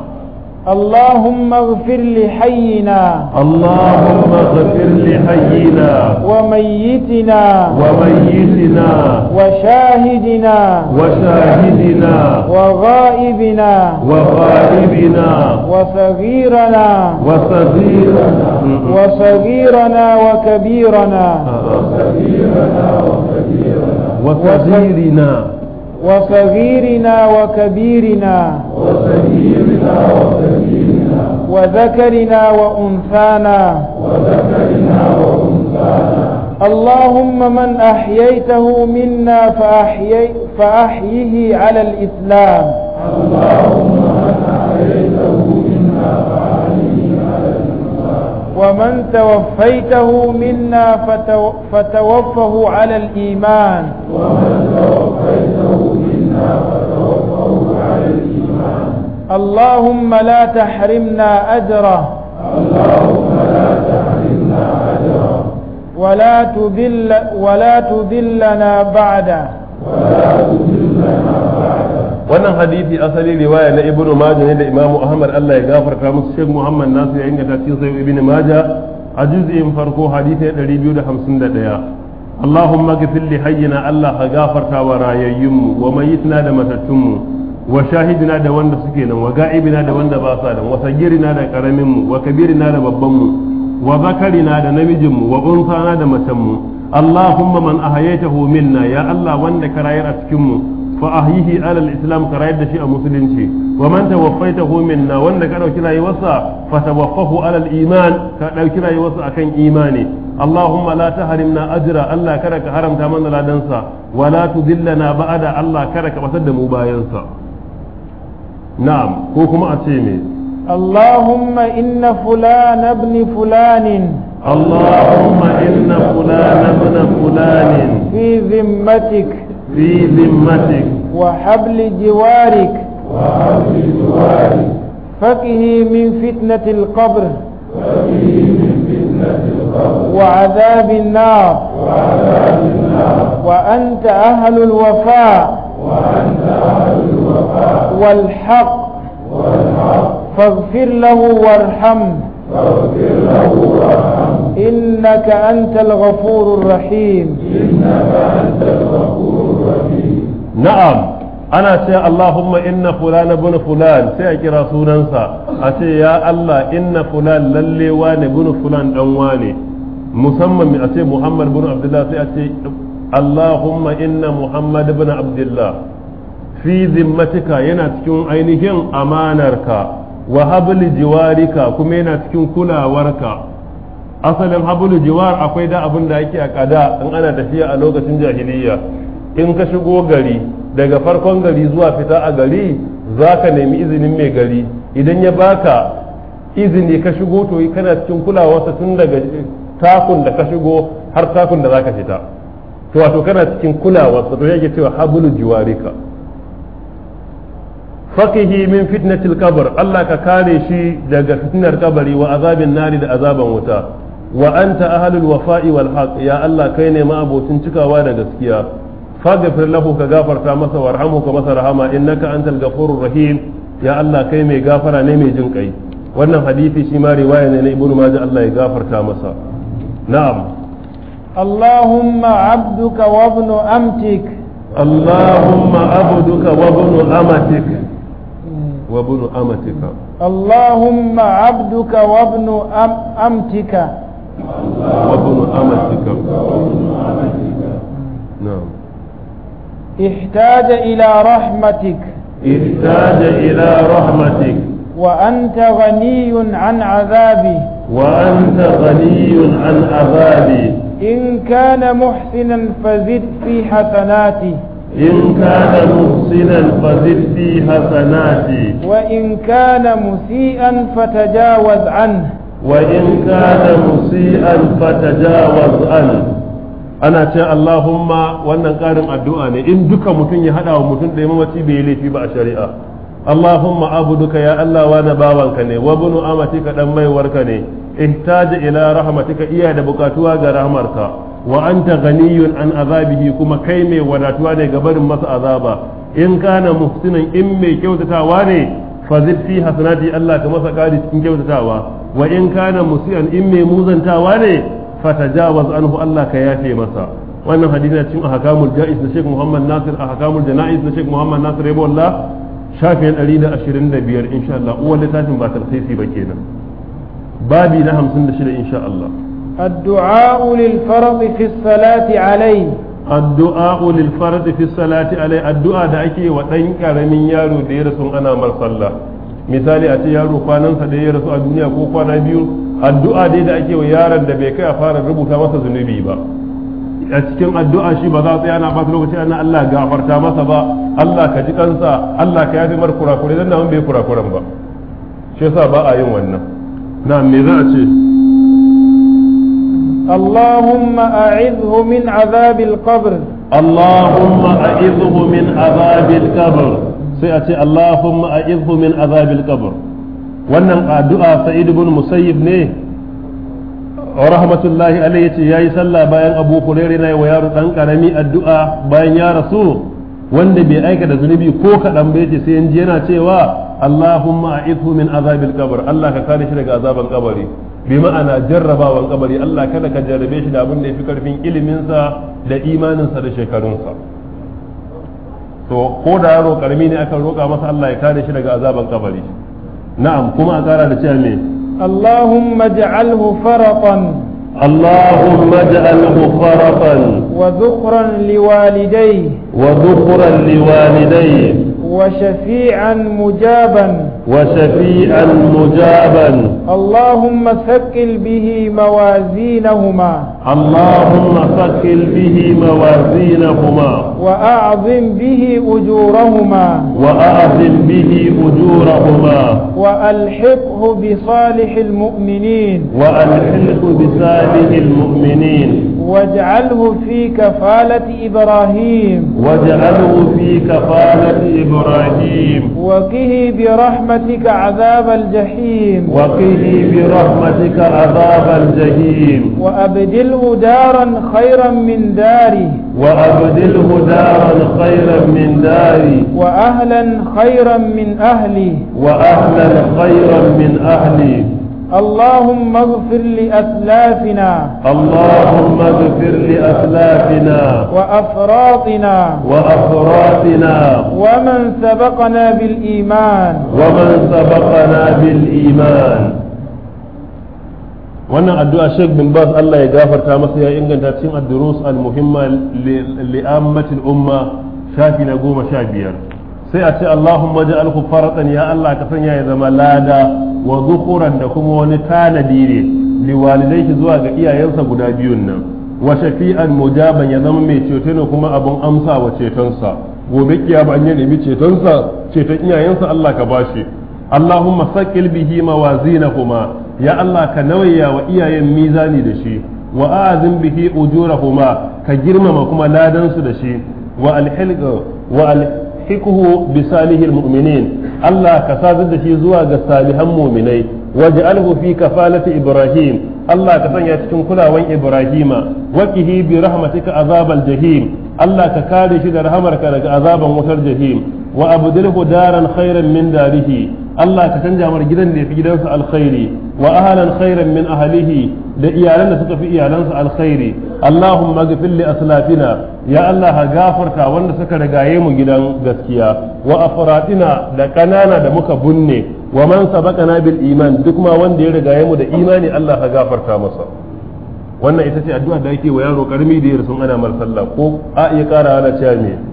اللهم اغفر لحينا اللهم اغفر لحينا وميتنا وميتنا وشاهدنا وشاهدنا وغائبنا وغائبنا وصغيرنا وصغيرنا وصغيرنا وكبيرنا وصغيرنا وكبيرنا وصغيرنا وصغيرنا وكبيرنا وصغيرنا وكبيرنا وذكرنا وأنثانا وذكرنا وأنثانا اللهم من أحييته منا فأحيي فأحيه على الإسلام اللهم ومن توفيته منا فتو فتوفه على الإيمان اللهم لا تحرمنا أجره اللهم لا تحرمنا أجره ولا تذل ولا تذلنا بعده ولا تذلنا بعده wannan hadisi asali riwaya na ibnu majah ne da imamu ahmad Allah ya gafarta musu sheikh muhammad nasu ya inganta cikin sayo ibnu majah a juz'in farko hadisi 251 Allahumma ghfir li hayyina Allah ka gafarta wa mu wa mayyitina da matattunmu wa shahidina da wanda suke nan wa ga'ibina da wanda ba sa nan wa sagirina da karaminmu wa kabirina da babbanmu wa zakarina da namijinmu wa unsana da macenmu Allahumma man ahayaytahu minna ya Allah wanda ka rayar a cikinmu fa ahyihi ala al-islam ka rayar da shi a musulunci wa man tawaffaytahu na wanda ka dauki rayuwarsa fa tawaffahu ala al-iman ka dauki rayuwarsa akan imani allahumma la tahrimna ajra allah kada ka haramta mana ladansa wa na tudillana ba'da allah kada ka batar da mu bayansa na'am ko kuma a ce me allahumma inna fulana ibn fulanin اللهم إن فلان ابن فلان في ذمتك في ذمتك وحبل جوارك وحبل جوارك فقه من فتنة القبر وعذاب النار وعذاب النار وأنت أهل الوفاء وأنت أهل الوفاء والحق والحق فاغفر له وارحم فاغفر له وارحم إنك أنت الغفور الرحيم إنك أنت الغفور na'am ana ce Allahumma inna fulan bin fulan sai a kira sunansa a ce ya Allah inna fulan lalle wane bin fulan dan wane musamman a ce Muhammad bin Abdullah sai a ce Allahumma inna Muhammad bin Abdullah fi zimmatika yana cikin ainihin amanarka wa habli jiwarika kuma yana cikin kulawarka asalin habli jiwar akwai da abin da yake a kada in ana tafiya a lokacin jahiliyya in ka shigo gari daga farkon gari zuwa fita a gari za ka nemi izinin mai gari idan ya baka izini ka shigo to kana cikin kulawarsa tun daga takun da ka shigo har takun da za ka fita to wato kana cikin kulawarsa to yake cewa habulu jiwarika faqihi min fitnatil qabr Allah ka kare shi daga fitnar kabari wa azabin nari da azaban wuta wa anta ahlul wafa'i wal haqq ya Allah kai ne ma abocin cikawa da gaskiya faghfir lahu ka gafarta masa warhamhu ka masa rahama innaka antal ghafurur rahim ya Allah kai mai gafara ne mai jin kai wannan hadisi shi ma riwaya ne na ibnu majah Allah ya gafarta masa na'am اللهم عبدك وابن أمتك اللهم عبدك وابن أمتك وابن أمتك اللهم عبدك وابن أمتك وابن أمتك نعم احتاج إلى رحمتك احتاج إلى رحمتك وأنت غني عن عذابي وأنت غني عن عذابي إن كان محسنا فزد في حسناتي إن كان محسنا فزد في حسناتي وإن كان مسيئا فتجاوز عنه وإن كان مسيئا فتجاوز عنه ana ce Allahumma wannan karin addu'a ne in duka mutum ya haɗa wa mutum ɗaya mamaci bai yi laifi ba a shari'a Allahumma duka ya Allah wa na bawanka ne wa bunu ka ɗan maiwarka ne ihtaja ila rahmatika iya da bukatuwa ga rahmarka wa anta ghaniyun an azabihi kuma kai mai wadatuwa ne ga barin masa azaba in kana muhsinan in mai kyautatawa ne fazid fi hasanati Allah ka masa ƙari cikin kyautatawa wa in kana musian in mai muzantawa ne fatajawaz anhu Allah ka yafe masa wannan hadisi na cikin ahkamul jaiz da Sheikh Muhammad Nasir ahkamul janaiz da Sheikh Muhammad Nasir yabo Allah shafin 125 insha Allah uwar littafin ba tarsisi ba kenan babi na 56 insha Allah الدعاء للفرض في الصلاة عليه الدعاء للفرض في الصلاة عليه الدعاء da ake wa ɗan karamin yaro da ya rasu ana mar misali a ce yaro kwanan sa da ya rasu a duniya ko kwana biyu addu'a dai da ake wa yaron da bai kai a fara rubuta masa zunubi ba a cikin addu'a shi ba za a tsaya na ba lokaci ana Allah gafarta masa ba Allah ka ji kansa Allah ka yafi mar kurakure dan nan bai kurakuren ba shi yasa ba a yin wannan na me za a ce اللهم أعذه من عذاب القبر min azabil من عذاب القبر سيأتي اللهم أعذه من عذاب القبر wannan addu'a sa'id ibn musayyib ne rahmatullahi alaihi yace yayi sallah bayan abu hurairah yana wa yaro dan karami addu'a bayan ya rasu wanda bai aika da zunubi ko kadan ba ce sai yanzu yana cewa Allahumma a'idhu min azabil qabr Allah ka kare shi daga azaban kabari bi ma'ana jarrabawan kabari Allah kada ka jarrabe shi da abin da yafi karfin iliminsa da imaninsa da shekarunsa to ko da yaro karami ne aka roƙa masa Allah ya kare shi daga azaban kabari نعم كما قال الجامعين اللهم اجعله فرقا اللهم اجعله فرقا وذخرا لوالديه وذخرا لوالديه وشفيعا مجابا وشفيعا مجابا اللهم ثقل به موازينهما اللهم ثقل به موازينهما وأعظم به أجورهما وأعظم به أجورهما وألحقه بصالح المؤمنين وألحقه بصالح المؤمنين واجعله في كفالة إبراهيم واجعله في كفالة إبراهيم وقه برحمتك عذاب الجحيم وقه برحمتك عذاب الجحيم وأبدله دارا خيرا من داره وأبدله دارا خيرا من داري وأهلا خيرا من أهلي وأهلا خيرا من أهلي اللهم اغفر لأسلافنا اللهم اغفر لأسلافنا وأفراطنا وأفراطنا ومن سبقنا بالإيمان ومن سبقنا بالإيمان وانا أدعو الشيخ بن باز الله يغفر تامس يا إنجان تاتين الدروس المهمة لأمة الأمة شافنا قوم شابيا سيأتي اللهم اجعله فرطا يا الله كفنيا يا زمان wa da kuma wani tanadi ne liwalidai shi zuwa ga iyayensa guda biyun nan wa shafi'an mujaban ya zama mai ceto ne kuma abun amsa wa cetonsa gobe kiyama an ya nemi cetonsa ceton iyayensa Allah ka bashi Allahumma saqil bihi mawazinahuma ya Allah ka nawaya wa iyayen mizani da shi wa azim bihi ujurahuma ka girmama kuma ladan su da shi wa alhilqa wa alhiqhu bi salihil mu'minin Allah ka sadar da shi zuwa ga salihan muminai waj'alhu fi kafalati ibrahim Allah ka sanya cikin kulawan ibrahima waqihi bi rahmatika azabal jahim Allah ka kare shi da rahamarka daga azaban wutar jahim wa abdilhu daran khairan min darihi Allah ka canja mar gidan da yafi gidansa alkhairi wa ahlan khairan min ahlihi da iyalan da suka fi iyalansa alkhairi allahumma ghfir li aslafina ya allah gafarta wanda suka rigaye mu gidan gaskiya wa afratina da kanana da muka bunne wa man sabaqana bil iman duk ma wanda ya rigaye mu da imani allah ka gafarta masa wannan ita ce addu'a da yake wa yaro karmi da yarsun ana mar ko a iya kara ana cewa me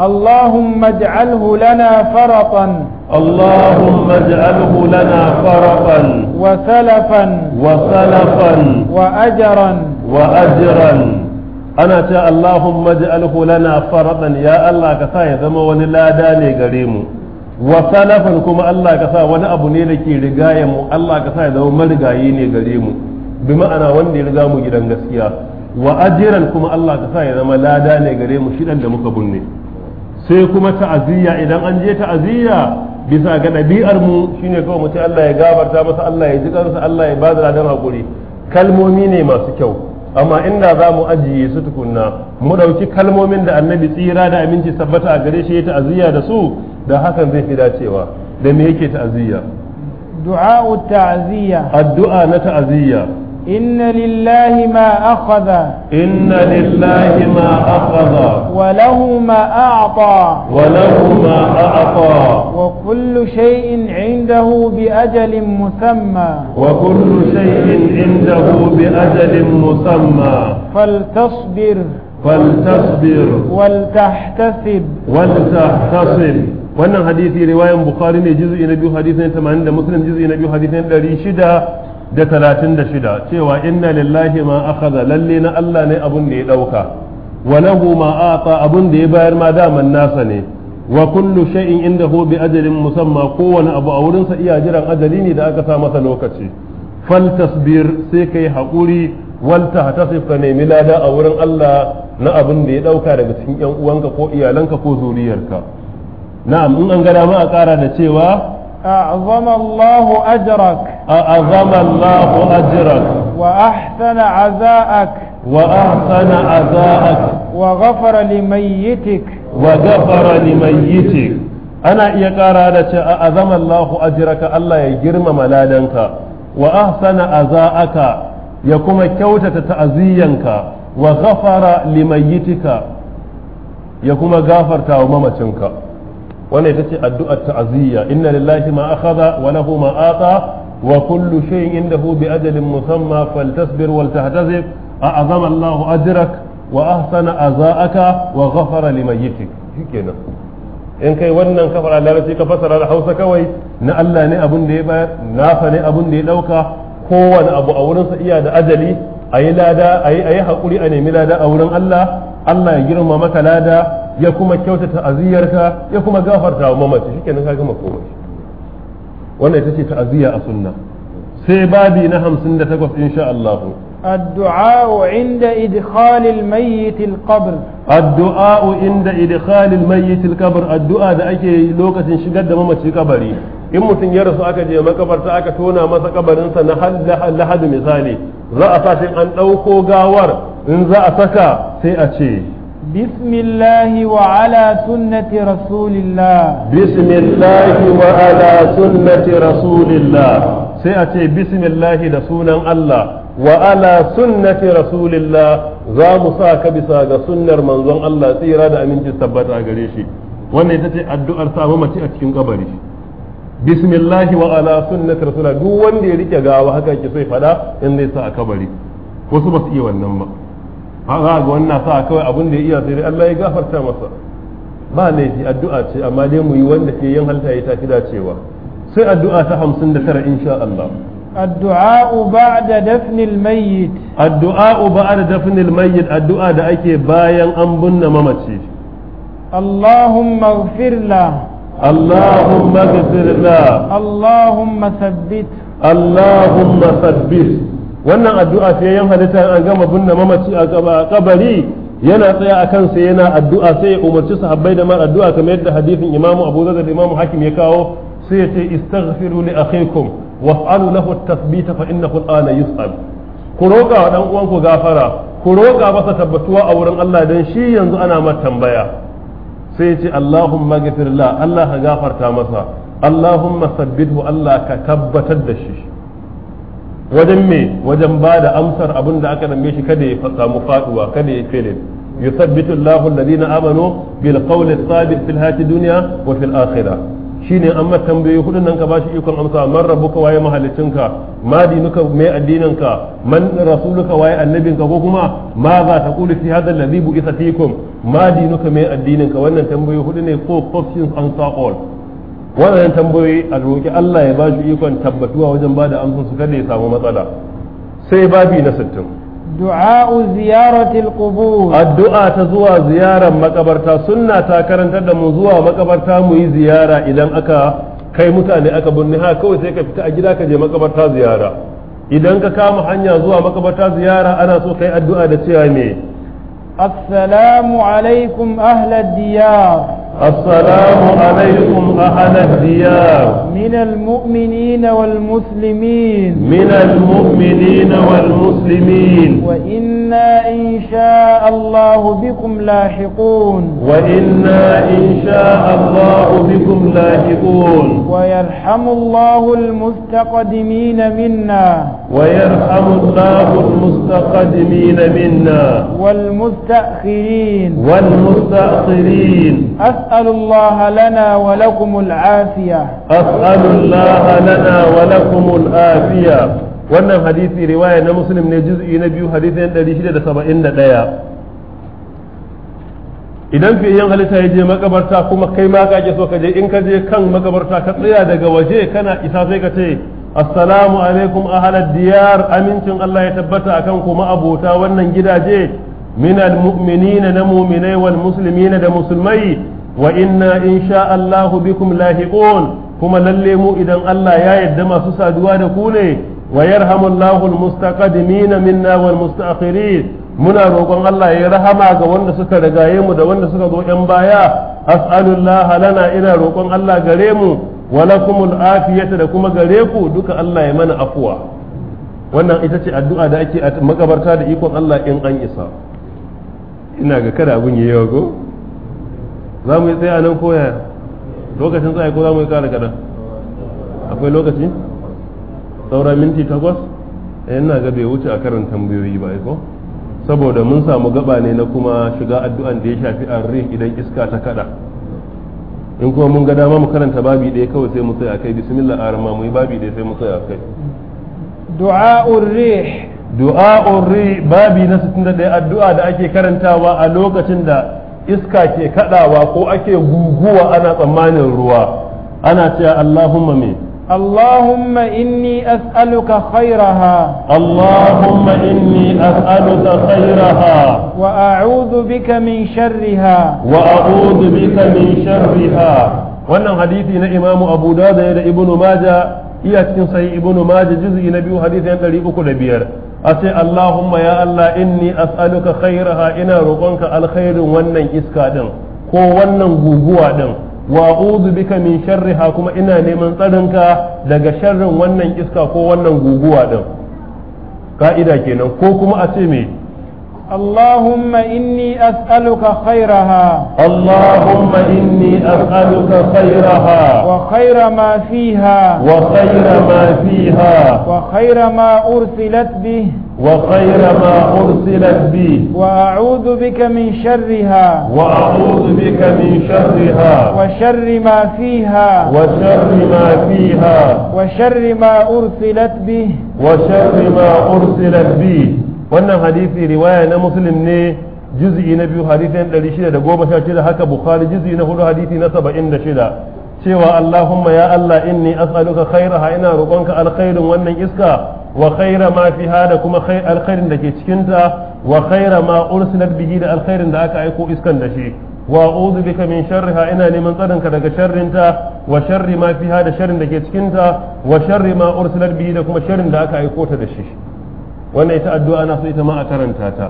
اللهم اجعله لنا فرطا اللهم اجعله لنا فرطا وسلفا وسلفا وأجرا وأجرا أنا تا اللهم اجعله لنا فرطا يا الله كسا يزم ونلا داني قريم وسلفا كما الله كسا وانا أبو نيلكي رقايم الله كسا يزم مرقاييني قريم بمعنى واني رقامو جدا قسيا وأجرا كما الله كسا يزم لا داني قريم شدا لمكبني sai kuma ta'aziyya idan an je ta'aziyya bisa ga ɗabi'ar mu shine kawai mutum Allah ya gafarta masa Allah ya ji kansa Allah ya bada ladan hakuri kalmomi ne masu kyau amma inda za mu ajiye su tukunna mu ɗauki kalmomin da annabi tsira da aminci sabbata a gare shi ya ta'aziyya da su da hakan zai fi dacewa da me yake ta'aziyya du'a ta'aziyya addu'a na ta'aziyya إن لله ما أخذ إن لله ما أخذ وله ما أعطى وله ما أعطى وكل شيء عنده بأجل مسمى وكل شيء عنده بأجل مسمى فلتصبر فلتصبر ولتحتسب ولتحتسب wannan hadisi riwayan bukhari ne juz'i na biyu hadisi na 80 da muslim juz'i na biyu 600 da talatin da shida cewa inna lillahi ma akhadha lalle na Allah ne abun da ya dauka wa lahu ma ata abun da ya bayar ma daman nasa ne wa kullu shay'in indahu bi ajalin musamma kowane abu a wurin sa iya jiran ajali ne da aka sa masa lokaci fal tasbir sai kai hakuri wal tahtasif ka nemi lada a wurin Allah na abun da ya dauka daga cikin yan uwanka ko iyalanka ko zuriyarka na'am in an gada ma a kara da cewa أعظم الله أجرك أعظم الله أجرك وأحسن عزاءك وأحسن عزاءك وغفر لميتك وغفر لميتك أنا يقارى لك أعظم الله أجرك الله يجرم ملالنك وأحسن عزاءك يكما كوتة تأذينك وغفر لميتك يكما غافرت وممتنك wannan ita ce addu'ar ta'aziyya inna lillahi ma akhadha wa lahu ma wa kullu shay'in indahu bi ajalin musamma faltasbir wal a a'azama Allahu ajrak wa ahsana azaaka wa ghafara limayyitik shikenan in kai wannan kafara larabci ka fasara da Hausa kawai na Allah ne abun da ya ɗauka kowane abu a wurinsa iya da ajali a yi lada a yi haƙuri a nemi lada a wurin Allah Allah ya girmama maka lada ya kuma kyautata aziyarka ya kuma gafarta wa mamaci shikenan ka gama komai wannan ita ce ta'aziyya a sunna sai babi na takwas insha Allah Addu'a'u inda إدخال الميت القبر الدعاء عند إدخال da ake lokacin shigar da mamaci kabari in mutum ya rasu aka je makabarta aka tona masa kabarinsa na lahadu misali za a sa an ɗauko gawar in za a saka sai a ce bismillahi wa'ala sunnati rasulillah bismillahi wa'ala sunnati rasulillah sai a ce bismillahi da sunan allah wa'ala sunnati rasulillah za mu sa ka bi sa ga sunnar manzon allah tsira da amincin tabbatar a gare shi wanda ita ce addu'ar sa mace a cikin kabari bismillahi wa'ala sunnati rasulillah duk wanda ya rike gawa haka ki sai in faɗa in dai sa a kabari ko so ba su iya wannan ba. ba za ga wannan sa kawai abin da ya iya sai dai Allah ya gafarta masa ba laifi addu'a ce amma dai mu yi wanda ke yin halta ya tafi dacewa sai addu'a ta hamsin 59 insha Allah addu'a ba'da dafnil mayyit addu'a ba'da dafnil mayyit addu'a da ake bayan an binne mamaci اللهم اغفر له اللهم اغفر له اللهم ثبت اللهم ثبت wannan addu'a sai yan halitta an gama binne mamaci a kabari yana tsaya a kansa yana addu'a sai ya umarci sahabbai da mar addu'a kamar yadda hadisin imam abu zar da imamu hakim ya kawo sai ya ce istaghfiru li akhikum waf'alu lahu at-tathbita fa innahu al-ana yus'al ku roƙa wa dan uwanku gafara ku roƙa masa tabbatuwa a wurin Allah dan shi yanzu ana ma tambaya sai ya ce Allahumma ghafir la Allah ka gafarta masa Allahumma sabbithu Allah ka tabbatar da shi wajen me wajen ba da amsar abin da aka dambe shi kada ya samu faduwa kada ya fele yusabbitu Allahu alladhina amanu bil qawli sabit fil hayati dunya wa fil akhirah shine amma tambayoyi hudun nan ka bashi ikon amsa man rabbuka waye mahalicinka ma dinuka me addininka man rasuluka waye annabinka ko kuma ma za ta kulu fi hadha alladhi bu'itha fikum ma dinuka me addininka wannan tambayoyi hudu ne ko options answer all waɗannan tambayoyi a roƙi Allah ya ba shi ikon tabbatuwa wajen ba da amsa su kada ya samu matsala sai babi na sittin du'a'u ziyaratil qubur addu'a ta zuwa ziyara makabarta sunna ta karantar da mu zuwa makabarta mu yi ziyara idan aka kai mutane aka binne ha kawai sai ka fita a gida ka je makabarta ziyara idan ka kama hanya zuwa makabarta ziyara ana so kai addu'a da cewa me assalamu alaikum ahla diyar السلام عليكم أهل الديار من المؤمنين والمسلمين من المؤمنين والمسلمين وإنا إن شاء الله بكم لاحقون وإنا إن شاء الله بكم لاحقون ويرحم الله المستقدمين منا ويرحم الله المستقدمين منا والمستأخرين والمستأخرين أسأل الله لنا ولكم العافية أسأل الله لنا ولكم العافية wannan hadisi riwaya na muslim ne juz'i na biyu hadisin 671 idan fiyayyen halitta ya je makabarta kuma kai ma ka so ka je in ka je kan makabarta ka tsaya daga waje kana isa sai ka ce assalamu alaikum ahalar diyar amincin Allah ya tabbata akan kuma abota wannan gidaje min almu'minina na mu'minai wal muslimina da musulmai wa inna insha Allahu bikum lahiqun kuma lalle mu idan Allah ya yarda masu saduwa da ku ne wa yarhamullahu almustaqdimina minna wal mustaakhirin muna roƙon Allah ya rahama ga wanda suka rigaye mu da wanda suka zo yan baya as'alullaha lana ina roƙon Allah gare mu wa lakumul afiyata da kuma gare ku duka Allah ya mana afuwa wannan ita ce addu'a da ake makabarta da ikon Allah in an isa ina ga kada abin yayi yawa go za mu yi tsaye a nan koya lokacin tsaye ko za mu yi kara kaɗan akwai lokaci saura minti takwas yana eh, ga bai wuce a karin tambayoyi ba ko saboda mun samu gaba ne na kuma shiga addu'an da ya shafi arri idan iska ta kada in kuma mun ga dama mu karanta babi ɗaya kawai sai mu tsaya kai bismillah rama mu yi babi ɗaya sai mu tsaya kai du'a'ur rih du'a'ur rih babi na 61 addu'a da ake karantawa a lokacin da iska ke kadawa ko ake guguwa ana tsammanin ruwa ana cewa Allahumma me اللهم إني أسألك خيرها اللهم إني أسألك خيرها وأعوذ بك من شرها وأعوذ بك من شرها wannan hadisi na imamu abu dawud da ibnu maja iya cikin sahih ibnu maja juz'i na biyu hadisi na biyar. a ce Allahumma ya Allah inni as'aluka khairaha ina roƙonka alkhairin wannan iska din ko wannan guguwa din wa a'udhu bika min sharriha kuma ina neman tsarinka daga sharrin wannan iska ko wannan guguwa din ka'ida kenan ko kuma ace ce me اللهم إني أسألك خيرها اللهم إني أسألك خيرها وخير ما فيها وخير ما فيها وخير ما أرسلت به وخير ما أرسلت به وأعوذ بك من شرها وأعوذ بك من شرها وشر ما فيها وشر ما فيها وشر ما أرسلت به وشر ما أرسلت به wannan hadisi riwaya na muslim ne juz'i na biyu hadisin 616 haka bukhari juz'i na hudu hadisi na 76 cewa allahumma ya allah inni as'aluka khairaha ina roƙonka alkhairin wannan iska wa khaira ma fiha da kuma alkhairin da ke cikinta wa khaira ma ursilat bihi da alkhairin da aka aiko iskan da shi wa a'udhu bika min ha ina neman tsarinka daga sharrinta wa sharri ma fiha da sharrin da ke cikinta wa sharri ma ursilat bihi da kuma sharrin da aka aiko ta da shi wannan ita addu'a ana so ita ma a karanta ta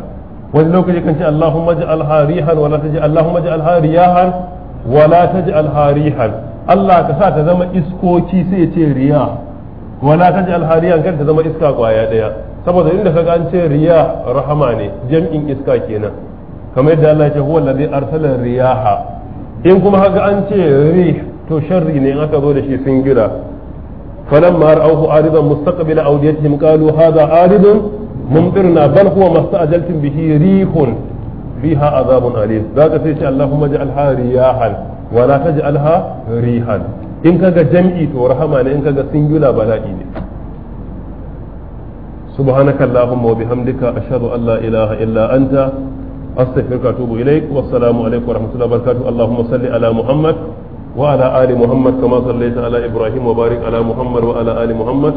wani lokaci kan ce Allahumma ij'al harihan wala taj Allahumma ij'al harihan wala taj'al harihan Allah ka sa ta zama iskoki sai ya ce riya wala taj'al hariyan kan ta zama iska kwaya daya saboda inda kaga an ce riya rahama ne jam'in iska kenan kamar yadda Allah ya ce huwa allazi arsala riyaha in kuma kaga an ce ri to sharri ne in aka zo da shi singira فلما رأوه عارضا مستقبل أوديتهم قالوا هذا عارض ممطرنا بل هو ما استعجلتم به ريح فيها عذاب أليم ذاك سيشاء اللهم اجعلها رياحا ولا تجعلها ريحا إن كان جمعي ورحمة إن كان سنجولا بلائي سبحانك اللهم وبحمدك أشهد أن لا إله إلا أنت أستغفرك وأتوب إليك والسلام عليكم ورحمة الله وبركاته اللهم صل على محمد وعلى آل محمد كما صليت على إبراهيم وبارك على محمد وعلى آل محمد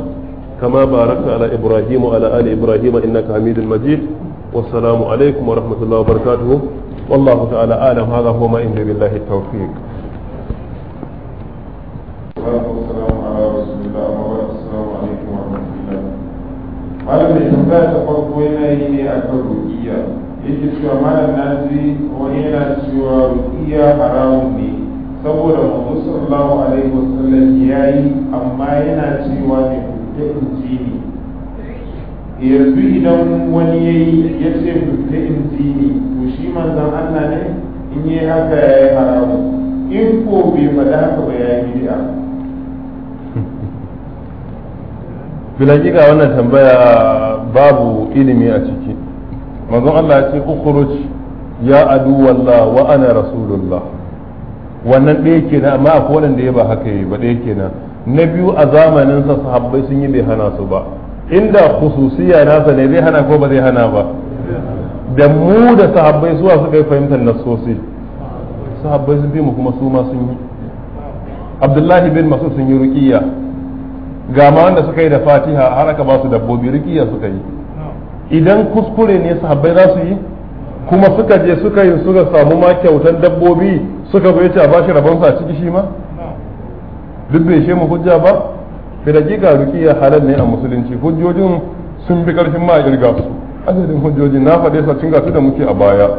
كما باركت على إبراهيم وعلى آل إبراهيم إنك حميد مجيد والسلام عليكم ورحمة الله وبركاته والله تعالى أعلم هذا هو ما إن بالله التوفيق والسلام على رسول الله والسلام عليكم ورحمة الله malam mai tambaya ta farko yana yi ne a kan rukiya yake cewa malam na ji wani yana cewa rukiya haramun ne saboda mu sallallahu alaihi wasallam yayi amma yana cewa ne da inji ne yanzu idan wani yi ya ce da inji ne to shi manzan Allah ne in yi haka ya yi haramu in ko bai faɗa haka ba yi bid'a bilakika wannan tambaya babu ilimi a ciki manzon Allah ya ce ukhruj ya adu wallah wa ana rasulullah wannan ɗaya kenan amma akwai waɗanda ya ba haka yi ba ɗaya kenan na biyu a zamanin sa sahabbai sun yi bai hana su ba inda khususiya nasa ne zai hana ko ba zai hana ba da mu da sahabbai suwa suka yi fahimtar nasosi sahabbai sun bi mu kuma su ma sun yi abdullahi bin masu sun yi rukiya, ga ma wanda suka yi da fatiha har aka ba su dabbobi rukiya suka yi idan kuskure ne sahabbai za su yi kuma suka je suka yi suka samu ma kyautan dabbobi suka zo yace a bashi rabon sa ciki shi ma duk bai shema hujja ba fi dakika rukiya halal ne a musulunci hujjojin sun fi karfin ma ƙirga su adadin hujjoji na faɗe sa cin gasu da muke a baya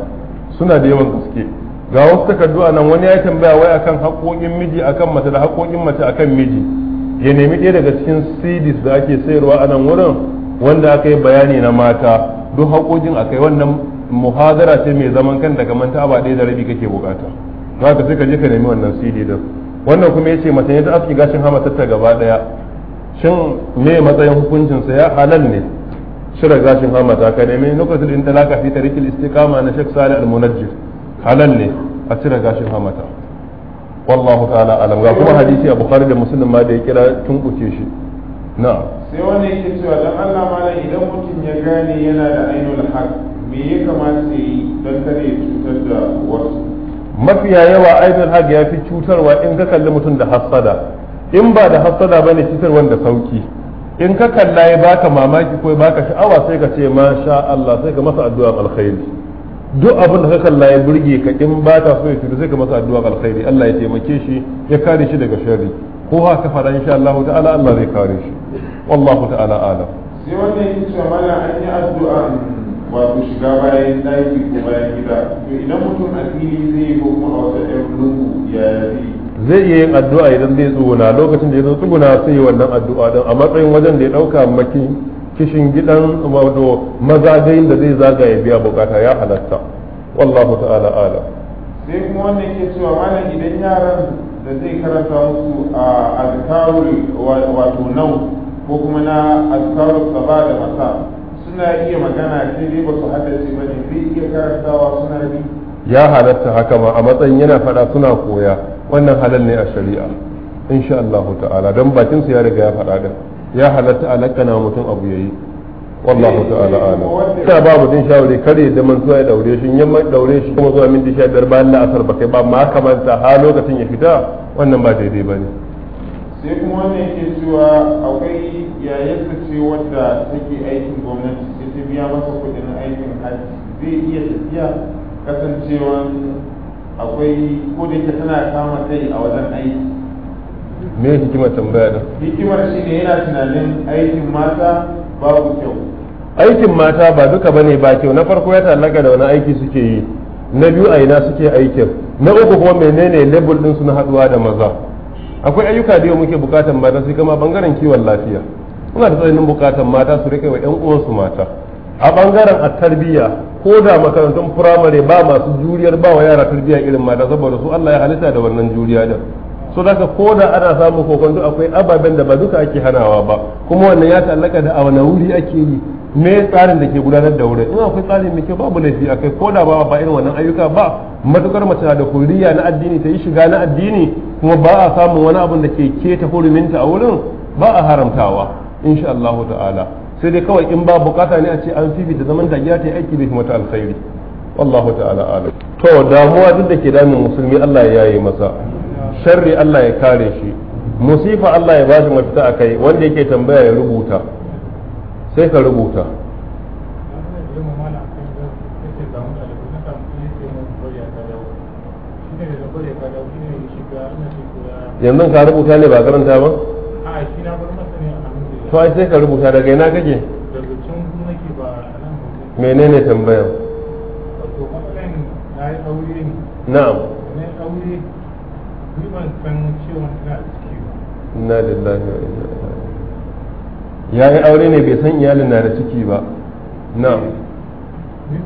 suna da yawan gaske ga wasu takardu a nan wani ya tambaya wai akan haƙoƙin miji akan mace da haƙoƙin mace akan miji ya nemi ɗaya daga cikin cds da ake sayarwa a nan wurin wanda aka yi bayani na mata duk haƙoƙin akai wannan muhadara ce mai zaman kan daga manta ba ɗaya da rabi kake bukata za ka sai ka je ka nemi wannan cd din wannan kuma ya ce mace ne ta aski gashin hama ta gaba daya shin me matsayin hukuncin sa ya halal ne shirar gashin hamata ka nemi nukatul in talaka fi tarikil istiqama na shek salih al-munajjir halal ne a cire gashin hamata wallahu ta'ala alam ga kuma hadisi a bukhari da muslim ma da ya kira tunkuke shi na sai wani yake cewa dan Allah malam idan mutum ya gane yana da ainul haq me ya kamata ya yi don kare cutar da wasu mafiya yawa aibin haq ya fi cutarwa in ka kalli mutum da hassada in ba da hassada ne cutar wanda sauki in ka kalla ya baka mamaki ko ya baka sha'awa sai ka ce masha Allah sai ka masa addu'a alkhairi duk abin da ka kalla ya burge ka in ba ta so ya fito sai ka masa addu'a alkhairi Allah ya taimake shi ya kare shi daga sharri ko haka fara insha Allah ta'ala Allah zai kare shi wallahu ta'ala alam sai wannan yake cewa mana an yi addu'a wato shiga bayan daki ko bayan gida to idan mutum a fili zai yi ko kuma a wata ɗan lungu ya yi zai iya yin addu'a idan zai tsuguna lokacin da ya zo tsuguna sai yi wannan addu'a don a matsayin wajen da ya ɗauka maki kishin gidan wato mazagayin da zai ya biya bukata ya halatta wallahu ta'ala ala sai kuma wanda ke cewa mana idan yaran da zai karanta musu a azkarul wato nau ko kuma na azkarul sabah da masa suna iya magana sai dai ba su haddace ba ne sai iya karantawa suna bi ya halatta haka ma a matsayin yana faɗa suna koya wannan halal ne a shari'a insha Allah ta'ala don bakin su ya riga ya fada da ya halatta na mutum abu yayi wallahu eh, ta'ala eh, alam ta ba mutum shawari kare da man zuwa ya daure shi yamma daure shi kuma zuwa minti 15 bayan la'asar ba kai ba ma kamanta ha lokacin ya fita wannan ba daidai bane sai kuma wanda yake cewa akwai yayarsa ce wadda take aikin gwamnati sai ta biya masa kudin aikin hajji zai iya tafiya kasancewan akwai ko da tana kama kai a wajen aiki me hikimar tambaya da hikimar shi ne yana tunanin aikin mata babu kyau aikin mata ba duka ba ne ba kyau na farko ya tallaka da wani aiki suke yi na biyu a ina suke aikin na uku kuma menene label ɗinsu na haɗuwa da maza akwai ayyuka da yau muke bukatan mata sai kama bangaren kiwon lafiya muna da tsananin bukatan mata su rika wa yan uwansu mata a bangaren a tarbiyya ko da makarantun firamare ba masu juriyar ba wa yara tarbiyya irin mata saboda su Allah ya halitta da wannan juriya da so daga ko da ana samun kokonto akwai ababen da ba duka ake hanawa ba kuma wannan ya ta'allaka da a wani wuri ake yi me tsarin da ke gudanar da wurin in akwai tsarin mai kyau babu laifi akai ko da ba ba irin wannan ayyuka ba matukar mace na da huriya na addini ta yi shiga na addini kuma ba a samun wani abun da ke ke keta huruminta a wurin ba a haramtawa insha Allah ta'ala sai dai kawai in ba bukata ne a ce an fifita zaman da ta yi aiki bai mata alkhairi wallahu ta'ala alim to damuwa duk da ke damin musulmi Allah ya yi masa sharri Allah ya kare shi musifa Allah ya bashi mafita akai wanda yake tambaya ya rubuta sai ka rubuta yanzu ka rubuta ne ba karanta ba? to ai sai ka rubuta daga ina kake? menene tambayar? na'am ina da ciki ya yi aure ne bai san iyalin na da ciki ba na ni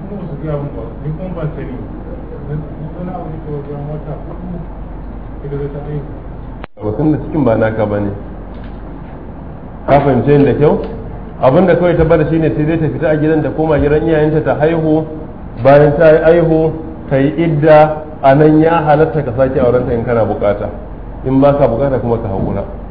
abokan da cikin ba naka ba ne ka fahimce da kyau abin da kawai ta bada shi ne sai dai ta fita a gidan ta koma gidan iyayenta ta haihu bayan ta yi aihu ta yi idda a nan ya halatta ka sake aurenta in kana bukata in ba ka bukata kuma ka haƙura